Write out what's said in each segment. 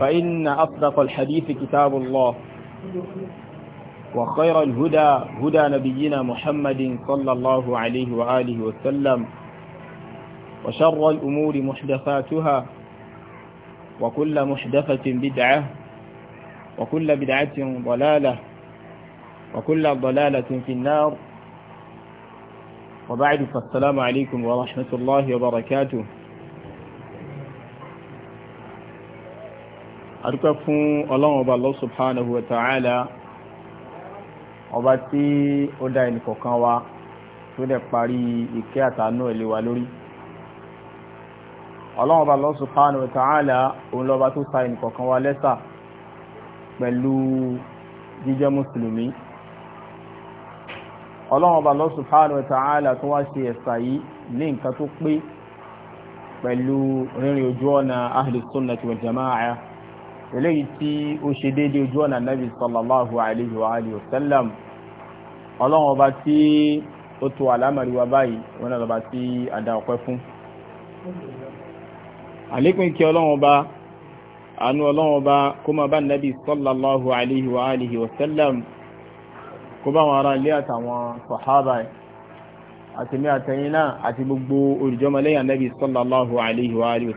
فإن أصدق الحديث كتاب الله وخير الهدى هدى نبينا محمد صلى الله عليه وآله وسلم وشر الأمور محدثاتها وكل محدثة بدعة وكل بدعة ضلالة وكل ضلالة في النار وبعد فالسلام عليكم ورحمة الله وبركاته adúpẹ́ fún ọlọ́run ọba Allah subhanahu wa ta'ala ọba tí ó dá ẹnìkọ̀ọ̀kan wa tó dẹ̀ parí ìkẹ́ àtàánú ẹ̀ lé wa lórí ọlọ́run ọba Allah subhanahu wa ta'ala òun lọ́ba tó sa ẹnìkọ̀ọ̀kan wa lẹ́sà pẹ̀lú jíjẹ́ mùsùlùmí ọlọ́run ọba Allah subhanahu wa ta'ala tó wá ṣe ẹ̀sà yìí ní nǹkan tó pé pẹ̀lú rírìn ojú ọ̀nà ahlus sunnati wal jama'ah eléyìí tí ó ṣe déédéé ojú ọ̀nà nabi sallallahu alayhi wa alihi wa sallam ọlọ́run ọba tí ó tó àlámàrí wa báyìí wọn náà lọ́ba tí a dá ọpẹ́ fún. àlékún kí ọlọ́run ọba àánú ọlọ́run ọba kó máa bá nabi sallallahu alayhi wa alihi wa sallam kó bá wọn ará ilé àtàwọn sọ̀hábà àtẹ̀mí àtẹ̀yìn náà àti gbogbo olùjọ́mọlẹ́yìn nabi sallallahu alayhi wa alihi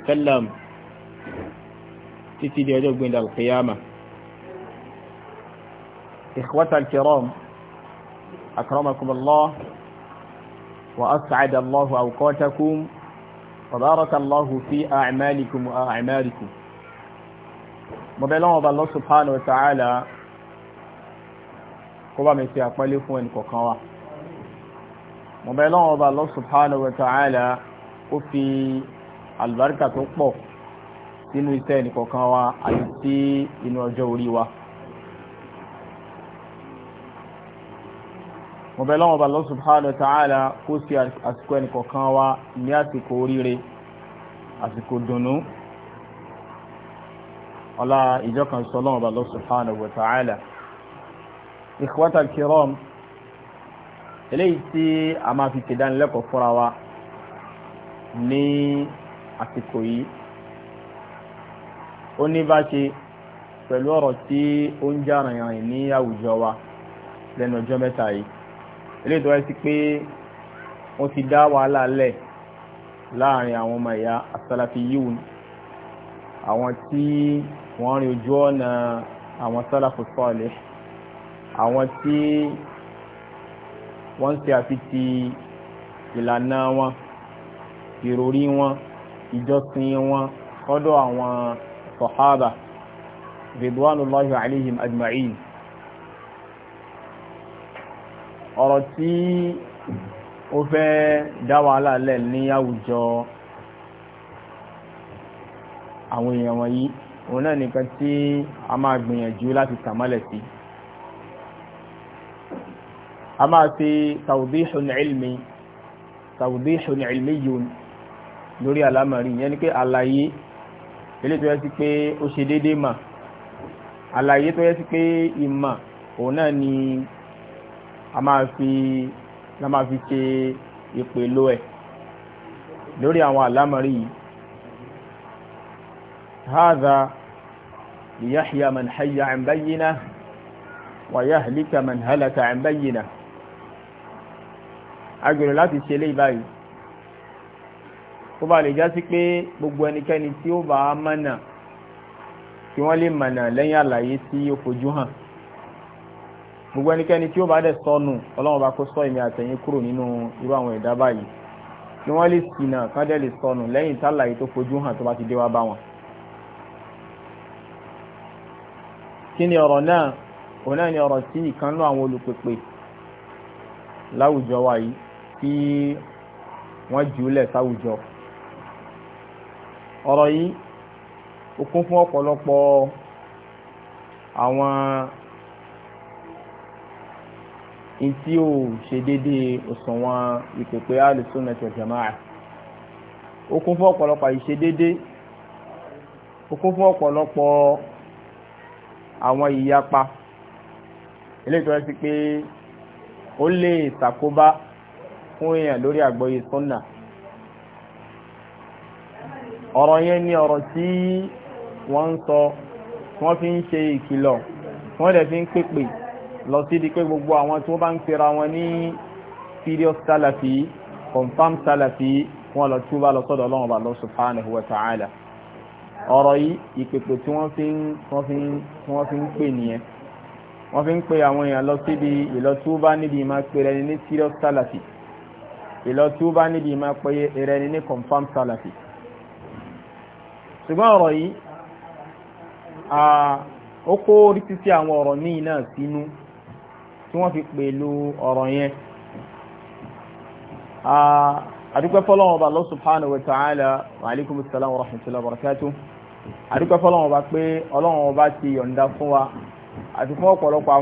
títí di ọjọ́ gbìndà alkiyama ikhwata alkiram akramakum allah wa as'ada allahu awqatakum wa baraka allahu fi a'malikum wa a'malikum mo bẹ̀ lọ́wọ́ ba allah subhanahu wa ta'ala kó bá mi ṣe fún ẹnì kọ̀ọ̀kan wa mo bẹ̀ lọ́wọ́ subhanahu wa ta'ala ó fi albarka tó pọ̀ sínú iṣẹ́ ẹnìkọ̀ọ̀kan wa àti sí inú ọjọ́ orí wa. mo bẹ̀ lọ́wọ́ Allah subhanahu wa ta'ala kó sí àsìkò ẹnìkọ̀ọ̀kan wa ní àsìkò oríire àsìkò dùnnú ọlá ìjọkan sọ lọ́wọ́ Allah subhanahu wa ta'ala. ikhwata kiram eléyìí tí a máa fi ṣèdánilẹ́kọ̀ọ́ fúnra wa ní àsìkò yìí ó ní bá ṣe pẹ̀lú ọ̀rọ̀ tí ó ń já rìnrìn ní àwùjọ wa lẹ́nu ọjọ́ mẹ́ta yìí eléyìí tó wáyé sí pé wọ́n ti dá wàhálà lẹ̀ láàrin àwọn ọmọ ìyá as-salafiyun àwọn tí wọ́n rìn ojú ọ̀nà àwọn salafu salih àwọn tí wọ́n ń ṣe àfitì ìlànà wọn ìròrí wọn ìjọsìn wọn kọ́dọ̀ àwọn sọ̀hábà رضوان الله عليهم أجمعين tí ó fẹ́ dá wàhálà lẹ̀ ní àwùjọ àwọn èèyàn wọ̀nyí òun náà nìkan tí a máa gbìyànjú láti tàmálẹ̀ sí a máa fi tawdihun ilmi tawdihun lórí àlámọ̀rí yẹn ni pé àlàyé ilé tó yẹ sí pé ó ṣe déédéé mà àlàyé tó yẹ sí pé ìmà òun náà ni a máa fi a máa fi ṣe ìpèlò ẹ̀ lórí àwọn àlámọ̀rí yìí hadha liyahya man hayya an wa yahlika man halaka an agbèrè láti ṣe eléyìí báyìí kó bá lè jásí pé gbogbo ẹnikẹ́ni tí ó bá mọ̀nà kí wọ́n lè mọ̀nà lẹ́yìn àlàyé tí ó fojú hàn gbogbo ẹnikẹ́ni tí ó bá dẹ̀ sọnù ọlọ́run bá kó sọ èmi àtẹ̀yìn kúrò nínú irú àwọn ẹ̀dá báyìí kí wọ́n lè ṣìnà kán dẹ̀ lè sọnù lẹ́yìn tálàyé tó fojú hàn tó bá ti dé wá bá wọn. kí ni ọ̀rọ̀ náà òun náà ni ọ̀rọ̀ tí ìkan náà àwọn olùpèpè láwùjọ wa tí wọ́n jùlẹ̀ sáwùjọ ọ̀rọ̀ yìí ó kún fún ọ̀pọ̀lọpọ̀ àwọn ntí ò ṣe déédéé òṣùwọ̀n ìpèpè al-sunnah wal jama'ah ó kún fún ọ̀pọ̀lọpọ̀ àìṣe déédéé ó kún fún ọ̀pọ̀lọpọ̀ àwọn ìyapa eléyìí tó yẹ sí pé ó lè ṣàkóbá fún èèyàn lórí àgbọ́yé sunnah ọ̀rọ̀ yẹn ni ọ̀rọ̀ tí wọ́n ń sọ wọ́n fi ń ṣe ìkìlọ̀ wọ́n dẹ̀ fi ń pèpè lọ sí di pé gbogbo àwọn tí wọ́n bá ń pera wọn ní serious salafi confam salafi wọ́n lọ tí ó bá lọ sọ́dọ̀ ọlọ́run bá lọ subhanahu wa ta'ala ọ̀rọ̀ yìí ìpèpè tí wọ́n fi ń wọ́n fi ń wọ́n fi ń pè nìyẹn wọ́n fi ń pe àwọn èèyàn lọ síbi níbi ìmọ̀ pé ẹni ní serious salafi ìlọtúbá níbi ìmọ̀ pé ẹni ní confam salafi ṣùgbọ́n ọ̀rọ̀ yìí ó kó oríṣiríṣi àwọn ọ̀rọ̀ míì náà sínú tí wọ́n fi pẹ̀lú ọ̀rọ̀ yẹn àdúgbẹ́ fọ́lọ́wọ́ bá Allah subhanahu wa ta'ala wa alaikumus salam wa rahmatullahi wa barakatuh àdúgbẹ́ fọ́lọ́wọ́ bá pé ọlọ́wọ́ bá ti yọ̀ǹda fún wa àti fún ọ̀pọ̀lọpọ̀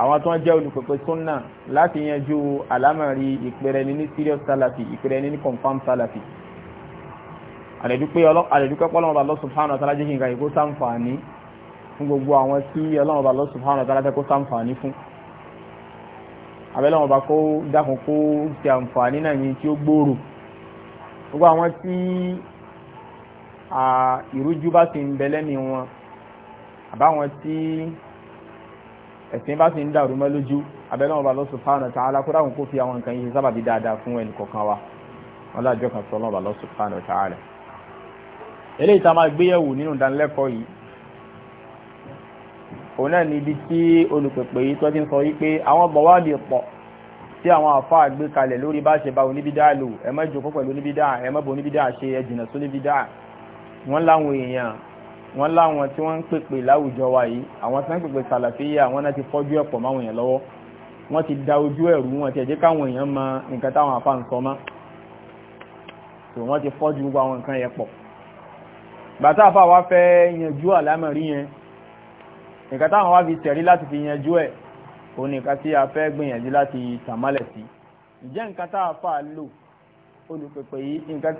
àwọn tó ń jẹ́ olùpẹ̀pẹ̀ sunna láti yanjú àlámọ̀rí ìpẹrẹ ní serious salafi ìpẹrẹ ní confirm salafi àdẹ̀dúpẹ́ pọ́lọ́mọba Allah subhanahu wa ta'ala jẹ́ kí nǹkan yìí kó sáǹfààní fún gbogbo àwọn tí ọlọ́mọba Allah subhanahu wa ta'ala fẹ́ kó sáǹfààní fún abẹ́lọ́mọba kó dákun kó ti àǹfààní náà yìí tí ó gbòòrò gbogbo àwọn tí ìrújú bá ti ń bẹ lẹ́ni wọn àbáwọn tí ẹ̀sìn bá ti ń dàrú mọ́ lójú eléyìí tá a máa gbéyẹ̀wò nínú ìdánilẹ́kọ̀ọ́ yìí òun náà níbi tí olùpèpè yìí tó ti ń sọ yìí pé àwọn bọ̀wá lè pọ̀ tí àwọn àfáà gbé kalẹ̀ lórí bá ṣe bá oníbídà lò ẹ má jókòó pẹ̀lú oníbídà ẹ má bọ oníbídà ṣe ẹ jìnnà sí oníbídà wọ́n láwọn èèyàn wọ́n láwọn tí wọ́n ń pèpè láwùjọ wa yìí àwọn tí wọ́n ń pèpè sàlàfíà àwọn náà ti fọ́jú ẹ̀pọ̀ máwọn èèyàn lọ́wọ́ wọ́n ti da ojú ẹ̀rú wọn ti ẹ̀jẹ̀ káwọn èèyàn mọ nǹkan táwọn àfáà ń sọ mọ́ so wọ́n ti fọ́jú gbogbo àwọn nǹkan bàtà àfà wá fẹ́ yanjú àlámọ̀rí yẹn nǹkan táwọn wá fi tẹ̀rí láti fi yanjú ẹ̀ ó ní nǹkan tí a fẹ́ gbìyànjú láti tàmálẹ̀ sí ìjẹ́ nǹkan tá àfà lò olùpèpè yìí nǹkan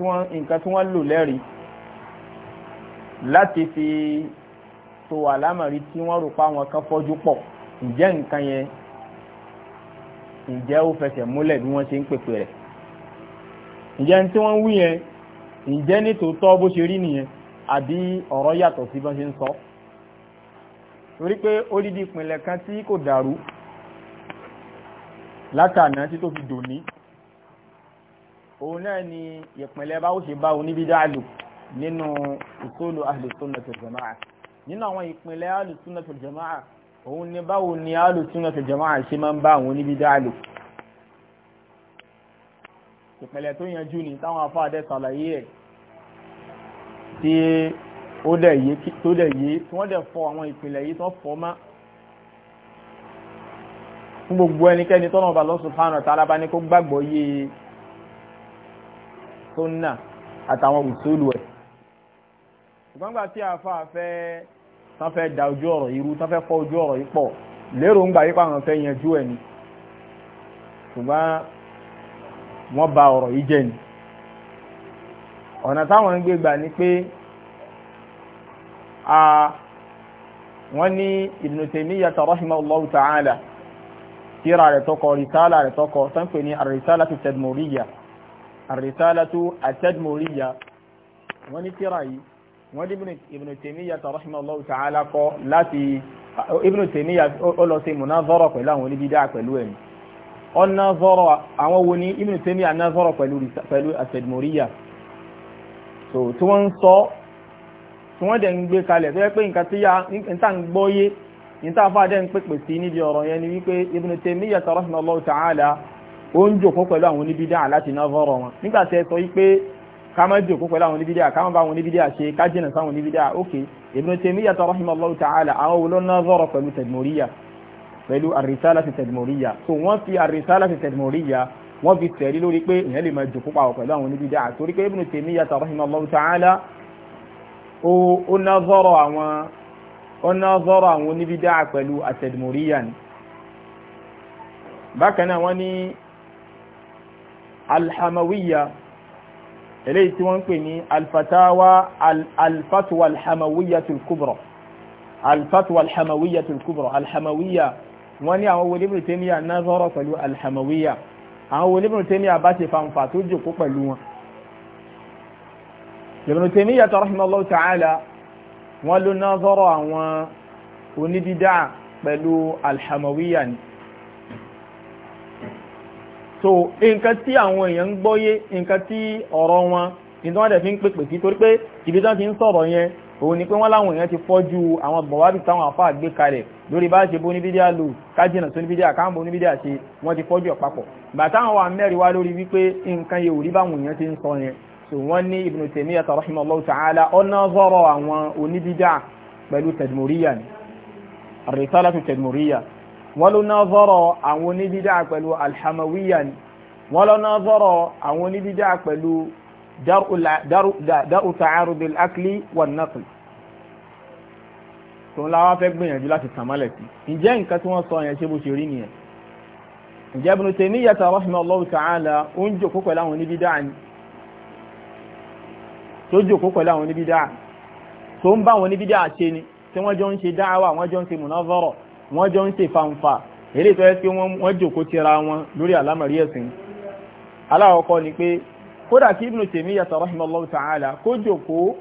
tí wọ́n lò lẹ́rìí láti fi tó àlámọ̀rí tí wọ́n rò pa àwọn kan fọ́jú pọ̀ ǹjẹ́ nǹkan yẹn ǹjẹ́ ó fẹsẹ̀ múlẹ̀ bí wọ́n ṣe ń pèpè rẹ̀ ǹjẹ́ tí wọ́n wí yẹn ǹjẹ́ nítòótọ́ bó ṣe rí nìyẹn àbí ọ̀rọ̀ yàtọ̀ sí bọ́n ṣe ń sọ torí pé odidi ìpìnlẹ̀ kan tí kò dàrú látànà tí tó fi dòní òun náà ni ìpìnlẹ̀ báwo ṣe bá oníbídà lò nínú usulu ahlu sunnah wal jamaa nínú àwọn ìpìnlẹ̀ ahlu sunnah wal òun ni báwo ni ahlu sunnah wal ṣe máa ń bá àwọn oníbídà lò ìpìnlẹ̀ tó yanjú ni táwọn afáàdẹ́ sàlàyé ẹ̀ tí ó dẹ̀ yé tó dẹ̀ yé tí wọ́n dẹ̀ fọ àwọn ìpìlẹ̀ yìí tó fọ́ má fún gbogbo ẹnikẹ́ni tọ́nà ọba Allah subhanahu wa ta'ala bá ní kó gbàgbọ́ yé sunna àtàwọn usulu ẹ̀ ṣùgbọ́n gbà tí àfa àfẹ́ tán fẹ́ da ojú ọ̀rọ̀ irú tán fẹ́ fọ́ ojú ọ̀rọ̀ yìí pọ̀ lérò ń gbà yípa àwọn fẹ́ yanjú ẹ̀ ni ṣùgbọ́n wọ́n ba ọ̀rọ̀ yìí jẹ́ ni ọ̀nà táwọn ń gbé gbà ni pé wọ́n ní Ibn Taymiyyah rahimahullahu ta'ala tíra rẹ̀ tọkọ rìsálà rẹ̀ tọkọ tán pè ní ar-risalatu at-tadmuriyya ar-risalatu at-tadmuriyya wọ́n ní tíra yìí wọ́n ní Ibn Taymiyyah rahimahullahu ta'ala kọ láti Ibn Taymiyyah ó lọ sí munazara pẹ̀lú àwọn oníbídà pẹ̀lú ẹ̀mí ọ̀nà zọ́rọ̀ àwọn wo ni Ibn Taymiyyah náà zọ́rọ̀ pẹ̀lú at-tadmuriyya so tí wọ́n ń sọ tí wọ́n dẹ̀ ń gbé kalẹ̀ tó yẹ pé nǹkan tí ya níta ń gbọ́ yé níta fà dẹ̀ ń pèpè sí níbi ọ̀rọ̀ yẹn ni wípé Ibn Taymiyyah rahimahullahu ta'ala ó ń jòkó pẹ̀lú àwọn oníbídíà láti ná fọ́rọ̀ wọn nígbà tí ẹ sọ wípé ká má jòkó pẹ̀lú àwọn oníbídíà ká má bá àwọn oníbídíà ṣe ká jìnà sáwọn oníbídíà ok Ibn Taymiyyah rahimahullahu ta'ala àwọn wo ló ná fọ́rọ̀ pẹ̀lú tẹ̀dmọ̀ríyà pẹ̀lú àrísálà ti tẹ̀dmọ̀ríyà so wọ́n fi àrísálà ti tẹ̀dmọ̀ríyà wọ́n fi tẹ̀rí lórí pé èèyàn lè máa jòkó pàwọ̀ pẹ̀lú àwọn oníbídà àtorí pé Ibn Taymiyyah rahimahullahu ta'ala ó ná zọ́rọ̀ àwọn oníbídà pẹ̀lú àtẹ̀dùmọ̀ríyà ni bákan náà wọ́n ní alhamawiyya eléyìí tí wọ́n ń pè ní alfatawa alfatwa alhamawiyya tulkubra alfatwa alhamawiyya tulkubra alhamawiyya wọ́n ní àwọn wọlé Ibn Taymiyyah pẹ̀lú alhamawiyya àwọn oníbìnrin tẹ́mí àbá ṣe fanfà tó jòkó pẹ̀lú wọn Ibn Taymiyyah rahimahullahu ta'ala wọ́n ló ná zọ́rọ̀ àwọn onídídá pẹ̀lú alhamawiyya ni so nǹkan tí àwọn èèyàn ń gbọ́yé nǹkan tí ọ̀rọ̀ wọn ìdánwàdẹ̀ fi ń pèpè sí torí ìbí òun ni pé wọ́n láwọn èèyàn ti fọ́jú àwọn bọ̀wádìí táwọn àfáà gbé kalẹ̀ lórí bá ṣe bó ní bídíà lò kájìnà tó ní bídíà káàmù ní bídíà ṣe wọ́n ti fọ́jú ọ̀pápọ̀ bàtà àwọn amẹ́rin wá lórí wípé nǹkan yóò rí báwọn èèyàn ti ń sọ yẹn so wọ́n ní Ibn Taymiyyah rahimahullahu ta'ala wọ́n ló ná zọ́rọ̀ àwọn oníbídíà pẹ̀lú dáru tààrù bil akli wan naql tó ń láwá fẹ́ gbìyànjú láti tàmálẹ̀ sí ǹjẹ́ nǹkan tí wọ́n sọ yẹn ṣe bó ṣe rí nìyẹn ǹjẹ́ Ibn Taymiyyah rahimahullahu ta'ala ó ń jòkó pẹ̀lú àwọn oníbídà ni tó jòkó pẹ̀lú àwọn oníbídà tó ń bá àwọn oníbídà ṣe ni tí wọ́n jọ ń ṣe dáhàwà wọ́n jọ ń ṣe mùnáfọ́rọ̀ wọ́n jọ ń ṣe fanfa èlé tó yẹ kí wọ́n jòkó tira wọn lórí àlámọ̀rí ẹ̀sìn aláwọ̀kọ́ ni pé kódà kí Ibn Taymiyyah rahimahullahu ta'ala kó jòkó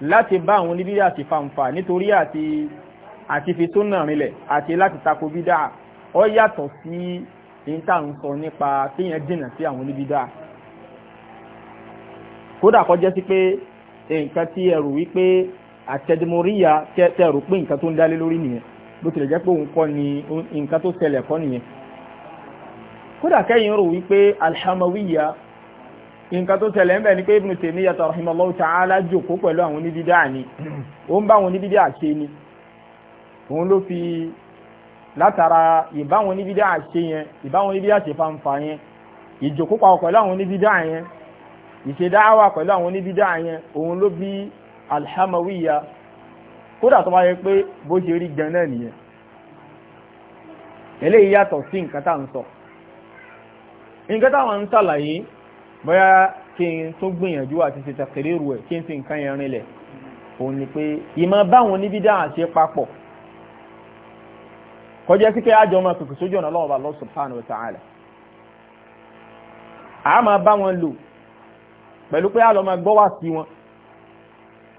láti bá àwọn oníbí àti fanfà nítorí àti àti fi súnà rinlẹ̀ àti láti tako bídà ó yàtọ̀ sí níta ń sọ nípa kíyàn jìnà sí àwọn oníbí dà kódà kó jẹ́ sí pé nǹkan tí ẹrù wípé àtẹ̀dẹ̀mọ̀ríyà tẹ̀rù pé nǹkan tó ń dálé lórí nìyẹn bó tilẹ̀ jẹ́ pé òun kọ́ ni nǹkan tó ṣẹlẹ̀ kọ́ nìyẹn kódà kẹ́yìn rò wípé alhamawiyya nǹkan tó tẹ̀lé ń bẹ̀ ni pé Ibn Taymiyyah rahimahullahu ta'ala jókòó pẹ̀lú àwọn oníbídà ni ó ń bá àwọn oníbídà ṣe ni òun ló fi látara ìbáwọn oníbídà ṣe yẹn ìbáwọn oníbídà ṣe fanfa yẹn ìjókòó pàwọ̀ pẹ̀lú àwọn oníbídà yẹn ìṣèdáwà pẹ̀lú àwọn oníbídà yẹn òun ló bí alhamawiyya kódà tó bá yẹ pé bó ṣe rí gan náà nìyẹn eléyìí yàtọ̀ sí nǹkan tá à ń sọ nǹkan táwọn ń ṣàlàyé bóyá kí n tún gbìyànjú àti ṣe tàkìrìrù ẹ̀ kí n fi nǹkan yẹn rinlẹ̀ òun ni pé ìmọ̀ báwọn níbi dáhà ṣe papọ̀ kọjá sí pé àjọ ọmọ pèpè sójú ọ̀nà lọ́wọ́ Allah subhanahu wa ta'ala a máa bá wọn lò pẹ̀lú pé àlọ́ máa gbọ́ wá sí wọn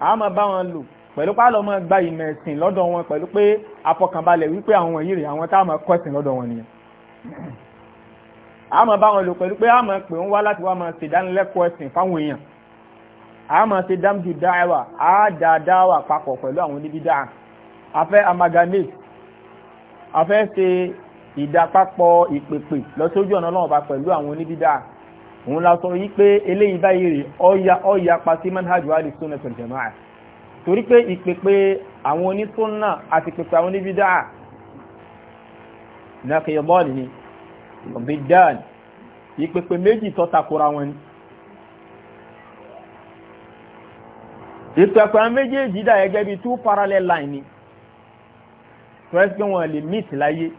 a máa bá wọn lò pẹ̀lú pé àlọ́ máa gba ìmọ̀ ẹ̀sìn lọ́dọ̀ wọn pẹ̀lú pé afọkànbalẹ̀ wípé àwọn yìí rè àwọn tá a máa kọ́ ẹ̀sìn lọ́dọ̀ wọn nìyẹn a máa bá wọn lò pẹ̀lú pé a máa pè wọ́n wá láti wá máa ṣèdánilẹ́kọ̀ọ́ ẹ̀sìn fáwọn èèyàn a máa ṣe dámjú dáwà a dá dáwà papọ̀ pẹ̀lú àwọn oníbídà a fẹ́ amalgamate a fẹ́ ṣe ìdápapọ̀ ìpèpè lọ́sójú ọ̀nà ọlọ́run bá pẹ̀lú àwọn oníbídà òun la sọ yí pé eléyìí báyìí rè ọya ọya pa sí manhaju ali sunna wal jamaa torí pé ìpèpè àwọn onísúnà àti ìpèpè àwọn oníbídà náà kìí bọ́ọ̀lù ni bidan ìpèpè méjì tó takora wọn ni ìpèpè méjèèjì dà gẹ́gẹ́ bí two parallel line ni tó ẹ́ pé wọ́n lè meet láyé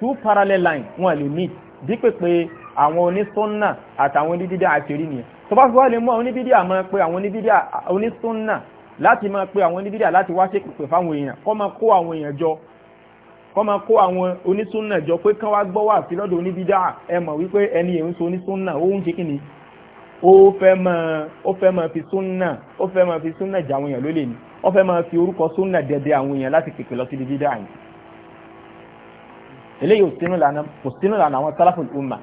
two parallel line wọ́n lè meet dípèpè àwọn onísọ́nà àtàwọn onídídá àṣírí nìyẹn tó bá fi wá lè mú àwọn onídídá máa pé àwọn onísọ́nà láti máa pé àwọn onídídá láti wá ṣépèpè fáwọn èèyàn kó máa kó àwọn èèyàn jọ kọ́ máa kó àwọn onísúnnà jọ pé kán wá gbọ́ wà sí lọ́dọ̀ oníbídà ẹ mọ̀ wípé ẹni èyí ń so onísúnnà ó ń ni ó fẹ́ máa ó fẹ́ máa fi súnnà ó fẹ́ máa fi súnnà jà àwọn èèyàn lólè ni ó fẹ́ máa fi orúkọ súnnà dẹdẹ àwọn èèyàn láti pèpè lọ sí bídà yìí eléyìí ò sínú lànà kò sínú lànà àwọn sálàfù umma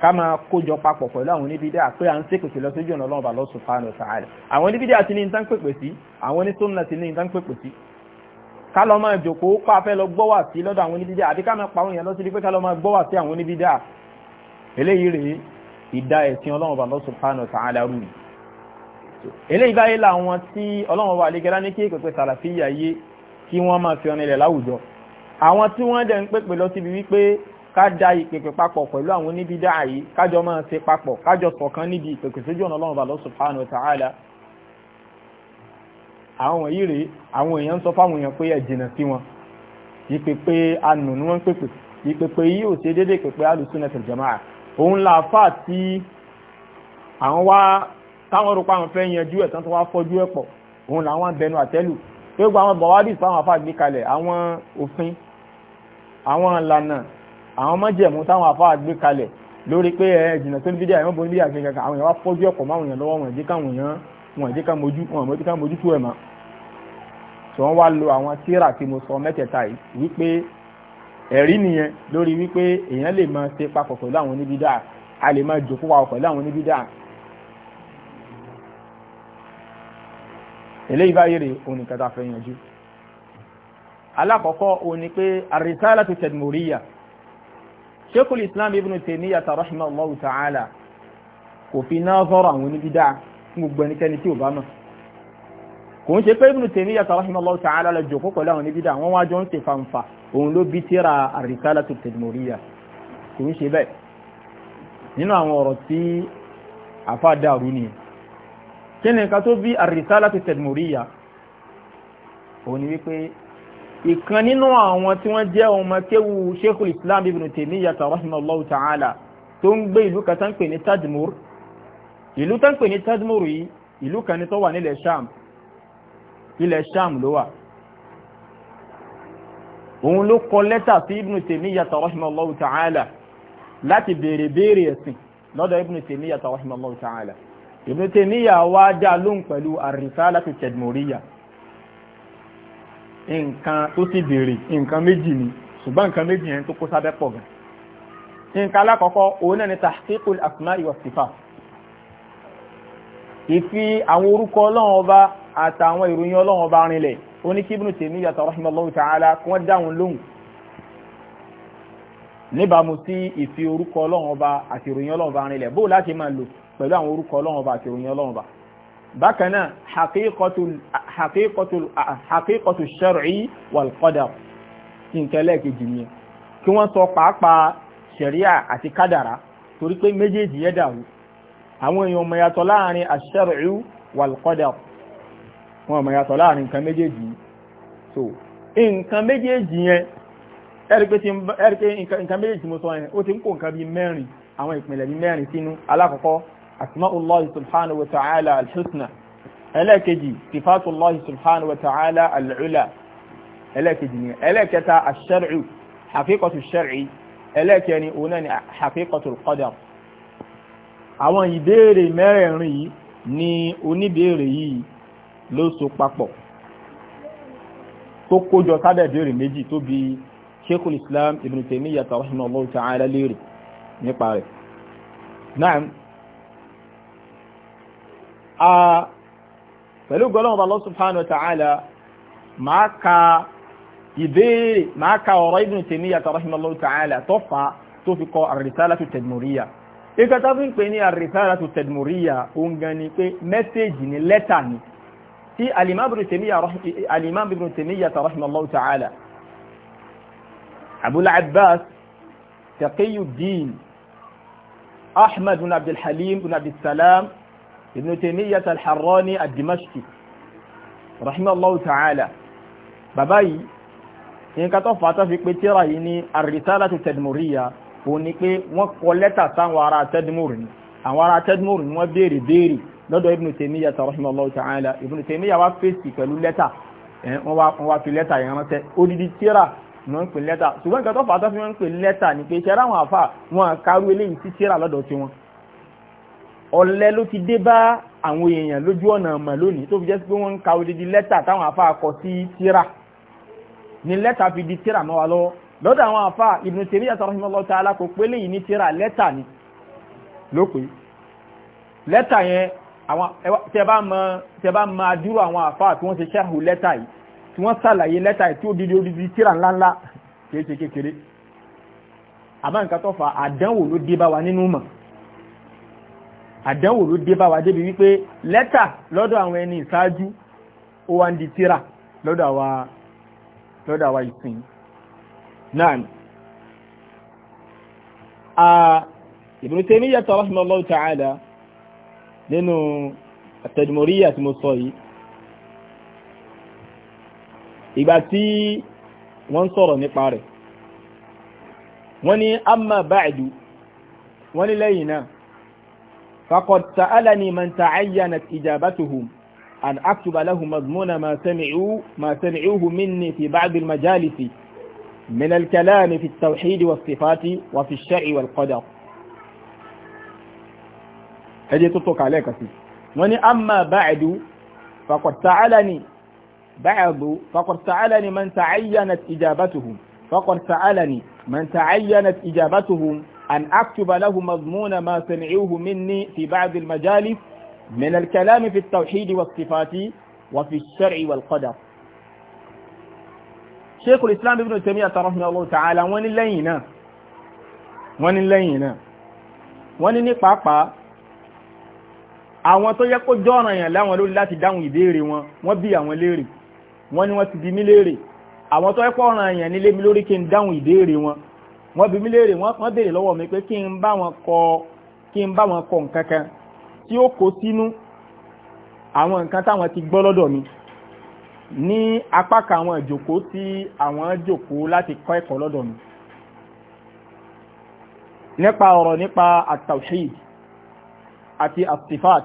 ká máa kójọ papọ̀ pẹ̀lú àwọn oníbídà pé à ń ṣe pèpè lọ sójú ọ̀nà ọlọ́run bá lọ subhanahu wa ta'ala àwọn oníbídà ti ní nǹkan pèpè sí àwọn onísúnnà ti ní nǹkan pèpè sí ká lọ máa jòkó pa fẹ́ lọ gbọ́wà sí lọ́dọ̀ àwọn oníbídà àti ká máa pa àwọn èèyàn lọ sí pé ká lọ máa gbọ́wà sí àwọn oníbídà eléyìí rèé ìdá ẹ̀sìn ọlọ́run bàbá subhanahu wa ta'ala rú ni eléyìí báyìí làwọn tí ọlọ́run bàbá àlegẹ́lá ní kí pẹ̀pẹ̀ sàlàfíà yé kí wọ́n máa fi ọ̀nà ilẹ̀ láwùjọ àwọn tí wọ́n dẹ̀ ń pèpè lọ síbi wípé ká da ìpèpè papọ̀ pẹ̀lú àwọn oníbídà yìí kájọ máa ṣe papọ̀ kájọ ṣọ̀kan níbi ìpèpè sójú ọ̀nà ọlọ́run bàbá subhanahu wa ta'ala àwọn wọ̀nyí rèé àwọn èèyàn ń sọ fáwọn èèyàn pé ẹ jìnnà sí wọn yìí pé pé anù ni wọ́n ń pèpè yìí pé pé yìí ò ṣe déédéé pé pé alùsùn ẹ̀fẹ̀ jama'a òun là fà tí àwọn wá táwọn rò pé àwọn fẹ́ yanjú ẹ̀ tán tó wá fọ́jú ẹ̀ pọ̀ òun làwọn abẹnu àtẹ́lù pé gbogbo àwọn bọ̀wádì fáwọn afá gbé kalẹ̀ àwọn òfin àwọn ìlànà àwọn májẹ̀mú táwọn afá gbé kalẹ̀ lórí pé ẹ jìnnà sí wọn jẹ́ ká mojú wọn mọ̀ jẹ́ ká mojú tó ẹ̀ mọ́ tí wọ́n wá lo àwọn tíra tí mo sọ mẹ́tẹ̀ẹ̀ta yìí wípé ẹ̀rí nìyẹn lórí wípé èèyàn lè máa ṣe papọ̀ pẹ̀lú àwọn oníbídà a lè máa jòkó papọ̀ pẹ̀lú àwọn oníbídà eléyìí báyìí rè òun nìkan tá a fẹ́ yanjú alákọ̀ọ́kọ́ òun ni pé Islam Ibn Taymiyyah rahimahullahu ta'ala kò fi náà sọ̀rọ̀ àwọn oníbídà fún gbogbo ẹnikẹ́ni tí ò bá mọ̀ kò ń ṣe pé Ibn Taymiyyah rahimahullahu ta'ala lọ jòkó pẹ̀lú àwọn oníbídà àwọn wá jọ ń ṣe fanfa òun ló bí tíra ar-Risalatu at-Tadmuriyyah kò ń ṣe bẹ́ẹ̀ nínú ni kí ni nǹkan tó bí ar-Risalatu at-Tadmuriyyah òun ìkan nínú àwọn tí wọ́n jẹ́ ọmọ kéwu Sheikhul Islam Ibn Taymiyyah rahimahullahu ta'ala tó ń gbé ìlú kata ní Tadmur ìlú tó ń pè ní tadmuru yìí ìlú kan ní tó wà nílẹ̀ sham ilẹ̀ sham ló wà òun ló kọ lẹ́tà sí ibnu tèmíyà rahimahullahu ta'ala láti béèrè béèrè ẹ̀sìn lọ́dọ̀ ibnu tèmíyà rahimahullahu ta'ala ibnu tèmíyà wá dá lóhùn pẹ̀lú ar-risalatu tadmuriyya nǹkan tó sì béèrè nǹkan méjì ni ṣùgbọ́n nǹkan méjì yẹn tó kó sábẹ́ pọ̀ gan nǹkan alákọ̀ọ́kọ́ òun náà ni tahqiqul asma'i was ìfi àwọn orúkọ ọlọ́run ọba àtàwọn ìròyìn ọlọ́run ọba rinlẹ̀ ó ní kí Ibn Taymiyyah rahimahullahu ta'ala kí wọ́n dáhùn lóhùn níbàámu sí ìfi orúkọ ọlọ́run ọba àti ìròyìn ọlọ́run ọba rinlẹ̀ bó láti máa lò pẹ̀lú àwọn orúkọ ọlọ́run ọba àti ìròyìn ọlọ́run ọba bákan náà haqiqatu shar'i wal qadar nkẹlẹ́ kejì ni kí wọ́n sọ pàápàá ṣẹ̀ríà àti kádàrá torí pé méjèèjì yẹ dàrú àwọn èèyàn mọ̀ yàtọ̀ láàrin ash-shar'u wal-qadar wọn mọ̀ yàtọ̀ láàrin nǹkan méjèèjì so nǹkan méjèèjì yẹn ẹ̀rìkẹ́ nǹkan méjèèjì tí mo sọ yẹn ó ti ń kó nǹkan bíi mẹ́rin àwọn ìpìnlẹ̀ bíi mẹ́rin sínú alákọ̀ọ́kọ́ asma'ullahi subhanahu àwọn ìbéèrè mẹ́rẹ̀ẹ̀rin yìí ni oníbéèrè yìí ló so papọ̀ tó kójọ sábẹ̀ béèrè méjì tó bi Sheikhul Islam Ibn Taymiyyah rahimahullahu ta'ala léèrè nípa rẹ̀ náà a pẹ̀lú gbọ́lọ́wọ́ Allah subhanahu wa ta'ala máa ka ìbéèrè máa ka ọ̀rọ̀ Ibn Taymiyyah rahimahullahu ta'ala tó fa tó fi kọ ar-Risalatu nǹkan ta fi ń pè ní àrísára tó tẹ̀dùmùríyà òun ni pé mẹ́sẹ̀jì ni lẹ́tà ni tí alimam ibn tèmíyà ta rahimallahu ta'ala abul abbas taqiyuddin ahmad bin abdul halim bin abdul salam ibn tèmíyà al-harrani ad-dimashqi rahimallahu ta'ala bàbá yìí nǹkan tó fàtà fi pé tíra yìí ni àrísára tó tẹ̀dùmùríyà òun ni pé wọ́n kọ lẹ́tà sáwọn ará tẹ́dmùrù ni àwọn ará tẹ́dmùrù ni wọ́n béèrè béèrè lọ́dọ̀ Ibn Taymiyyah rahimahullahu ta'ala Ibn Taymiyyah wá fèsì pẹ̀lú lẹ́tà wọ́n wá fi lẹ́tà yẹn ránṣẹ́ odidi tíra ni wọ́n ń pè lẹ́tà ṣùgbọ́n nǹkan tó fà á tó fi wọ́n ń pè lẹ́tà ni pé ṣẹ́ra àwọn àfà wọn kárú eléyìí sí tíra lọ́dọ̀ tiwọn ọ̀lẹ ló ti dé bá àwọn èèyàn lójú ọ̀nà mọ̀ lónìí tó fi jẹ́ pé wọ́n ń ka odidi lẹ́tà táwọn àfà kọ sí tíra ni lẹ́tà fi di tíra mọ́ wa lọ́wọ́ lọ́dọ̀ àwọn àfà Ibn Taymiyyah rahimahullahu ta'ala kò pé lè ní tíra lẹ́tà ni ló pé lẹ́tà yẹn àwọn tẹ bá máa dúró àwọn àfà tí wọ́n ṣe ṣẹ́hù lẹ́tà yìí tí wọ́n ṣàlàyé lẹ́tà yìí tí ó dídí odidi tíra ńláńlá kìí ṣe kékeré àmọ́ nǹkan tó fa àdánwò ló dé bá wa nínú mọ̀ àdánwò ló dé bá wa débi wípé lẹ́tà lọ́dọ̀ àwọn ẹni ìṣáájú ó wá ń di tíra lọ́dọ̀ àwa ìsìn yìí náà a Ibn Taymiyyah rahimahullahu ta'ala nínú àtẹ̀dùmọ̀ríyà tí mo sọ yìí ìgbà tí wọ́n sọ̀rọ̀ nípa rẹ̀ wọ́n ní amma ba'du wọ́n ní lẹ́yìn náà faqad sa'alani man ta'ayyanat ijabatuhum an aktuba lahum mazmuna ma sami'uhu minni fi ba'd al majalisi من الكلام في التوحيد والصفات وفي الشرع والقدر هذه تطلق عليك كثير وني أما بعد فقد سألني بعض فقد سألني من تعينت إجابتهم فقد سألني من تعينت إجابتهم أن أكتب له مضمون ما سمعوه مني في بعض المجالس من الكلام في التوحيد والصفات وفي الشرع والقدر sheikul islam ibn taymiyyah rahimahullahu ta'ala wọ́n lẹ́yìn náà wọ́n lẹ́yìn náà wọ́n ní ní pàápàá àwọn tó yẹ kó jọ́ràn yàn láwọn lórí láti dáhùn ìbéèrè wọn wọ́n bí àwọn léèrè wọ́n ti mí léèrè àwọn tó yẹ kó yàn nílé mi lórí n dáhùn ìbéèrè wọn wọ́n bi mí léèrè wọ́n béèrè lọ́wọ́ mi pé kí wọn kọ kí n bá kọ nǹkan kan tí ó ti gbọ́ lọ́dọ̀ ní apá kan àwọn ìjòkó tí àwọn jòkó láti kọ́ ẹ̀kọ́ lọ́dọ̀ mi nípa ọ̀rọ̀ nípa at-tawhid àti as-sifat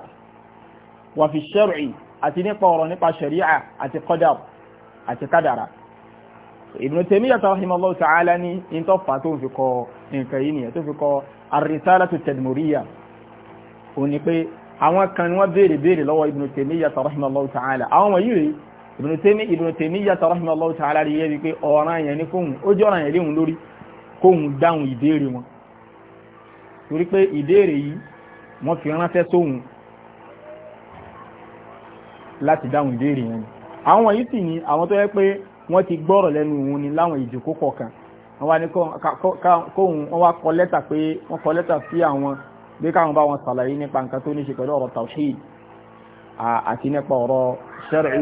wà fi shar'i àti nípa ọ̀rọ̀ nípa sharia àti qadar àti kádàrà Ibn Taymiyyah rahimahullahu ta'ala ní in tó fà tó fi kọ nǹkan yìí nìyẹn tó fi kọ ar-risalatu at-tadmuriyyah ní pé àwọn kan wọ́n béèrè béèrè lọ́wọ́ Ibn Taymiyyah rahimahullahu ta'ala àwọn wọ̀nyí rèé Ibn Taymiyyah Ibn Taymiyyah rahimahullahu ta'ala rí yẹ́ wípé ọ̀ràn yẹn ní kóhùn ó jẹ́ ọ̀ràn yẹn léhùn lórí kóhùn dáhùn ìbéèrè wọn torí pé ìbéèrè yìí wọ́n fi ránṣẹ́ sóhùn láti dáhùn ìbéèrè yẹn àwọn wọ̀nyí sì ni àwọn tó yẹ pé ni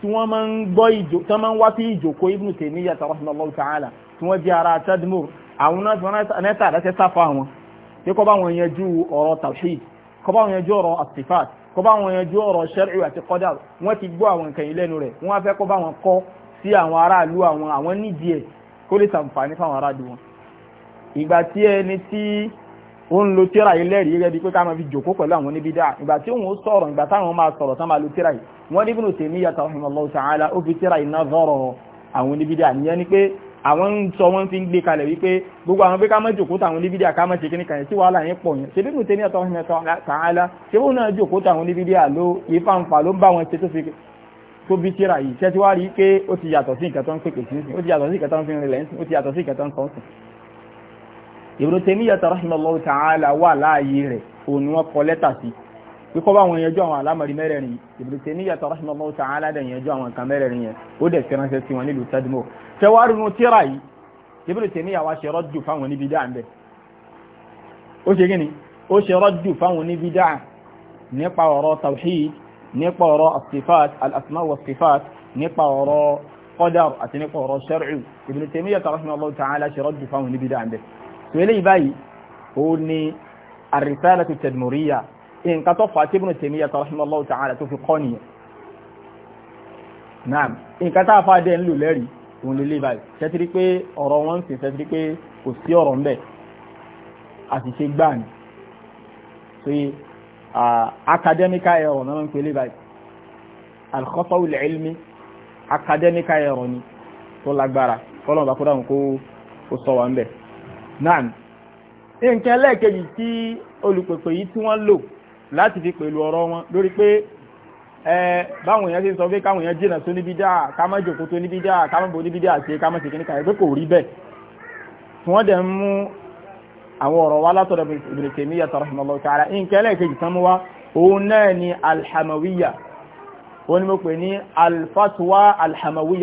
tí wọ́n máa ń gbọ́ ìjò tí wọ́n máa ń wá sí ìjòkó ibnu tèmíyà rahimahullahu ta'ala tí wọ́n jẹ́ ara tadmur àwọn náà tí wọ́n nẹ́ta àdáṣẹ́ sáfà wọn tí kọ́ bá wọn yanjú ọ̀rọ̀ tawhid kọ́ bá wọn yanjú ọ̀rọ̀ asifat kọ́ bá wọn yanjú ọ̀rọ̀ shar'i àti qadar wọ́n ti gbọ́ àwọn nǹkan yìí rẹ̀ wọ́n á fẹ́ kọ́ bá wọn kọ́ sí àwọn aráàlú àwọn àwọn nídìí ẹ̀ kó lè sàǹfààní fáwọn aráàlú wọn ìgbà tí ẹni tí ó ń lo tíra yìí lẹ́rìí gẹ́gẹ́ bí pé ká máa fi jòkó pẹ̀lú àwọn oníbí dáa ìgbà tí òun sọ̀rọ̀ ìgbà táwọn máa sọ̀rọ̀ tán máa lo tíra yìí wọ́n ní Ibn Taymiyyah rahimahullahu ta'ala ó fi tíra yìí náà zọ́rọ̀ àwọn oníbí dáa nìyẹn ni pé àwọn ń sọ wọ́n ti ń gbé kalẹ̀ wípé gbogbo àwọn pé ká máa jòkó táwọn oníbí dáa ká máa ṣe kíní kan yẹn tí wàhálà yẹn pọ̀ yẹn ṣebí Ibn Taymiyyah rahimahullahu ta'ala ṣé wọn náà jòkó táwọn oníbí dáa ló ìfàǹfà ló ń bá wọn ṣe tó fi tó bí tíra yìí ṣẹ́ tí wàá rí pé ó ti yàtọ̀ sí nǹkan ń pèpè sí ó ti yàtọ̀ sí nǹkan ń fi rinlẹ̀ ó ti yàtọ̀ sí nǹkan ń sọ́ọ̀sìn Ibn Taymiyyah rahimahullahu ta'ala wà láàyè rẹ̀ òun ni wọ́n kọ lẹ́tà sí kíkọ́ bá wọn yanjú àwọn alámọ̀rí mẹ́rẹ̀ẹ̀rin Ibn Taymiyyah rahimahullahu ta'ala dẹ̀ yanjú àwọn nǹkan mẹ́rẹ̀ẹ̀rin yẹn ó dẹ̀ fi ránṣẹ́ sí wọn nílùú Tadmur tẹwárí nu tíra yìí Ibn Taymiyyah wá ṣe rọ́dù fáwọn níbi dáa bẹ́ẹ̀ ó ṣe gíní ó ṣe rọ́dù fáwọn níbi dáa nípa ọ̀rọ̀ tawhid nípa ọ̀rọ̀ asifat al wa sifat nípa ọ̀rọ̀ qadar àti nípa ọ̀rọ̀ shar'u Ibn Taymiyyah rahimahullahu ta'ala ṣe rọ́dù fáwọn níbi dáa bẹ́ẹ̀ tó eléyìí báyìí ó ní ar-risalatu at-tadmuriyya nǹkan tó fà á tí Ibn Taymiyyah rahimahullahu ta'ala tó fi kọ́ nìyẹn naam nǹkan tá a fà dé ń lò lẹ́rìí òun lè lè báyìí ṣẹ́tìrí pé ọ̀rọ̀ wọn ń sìn ṣẹ́tìrí pé kò sí ọ̀rọ̀ ń bẹ̀ àṣìṣe ni so yé akadẹ́míkà ẹ̀rọ náà ń pè lè báyìí al-khasaw al ni tó lágbára kọ́lọ̀ bá kó kó sọ wà ń bẹ̀ náà nǹkan ẹlẹ́ẹ̀kejì tí olùpèpè yìí tí wọ́n lò láti fi pẹ̀lú ọ̀rọ̀ wọn lórí pé báwọn èèyàn ti sọ pé káwọn èèyàn jìnà tó níbi dáa ká má jòkó tó níbi dáa ká má bo níbi dáa ṣe ká má ṣe ẹgbẹ́ kò rí bẹ́ẹ̀ tí wọ́n dẹ̀ ń mú àwọn ọ̀rọ̀ wá látọ̀dọ̀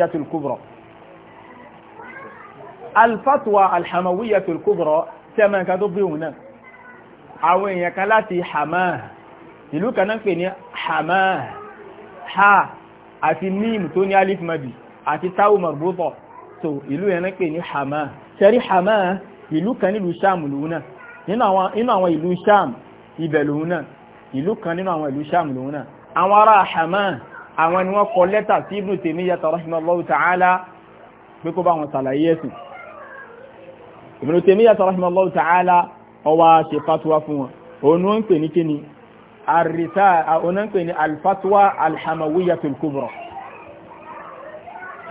Ibn alfatwa alhamawiyatul kubra tẹ́mọ̀ nǹkan tó bí òun náà àwọn èèyàn kan láti hama ìlú kan náà pè ní hama ha àti mim tó ní alif madi àti táwù marbútọ̀ so ìlú yẹn náà pè ní hama ṣẹ́rí hama ìlú kan nílùú sham lòun náà nínú àwọn ìlú sham ibẹ̀ lòun náà ìlú kan nínú àwọn ìlú sham lòun náà àwọn ará hama àwọn ni wọ́n kọ lẹ́tà sí ibnu tèmíyà rahimahullahu ta'ala pé kó bá wọn ṣàlàyé ẹ̀sìn Ibn Taymiyyah rahimahullahu ta'ala ó wá ṣe fatwa fún wọn òun ń pè ní kíni àrísà òun ń pè ní alfatwa alhamawiyyatul kubra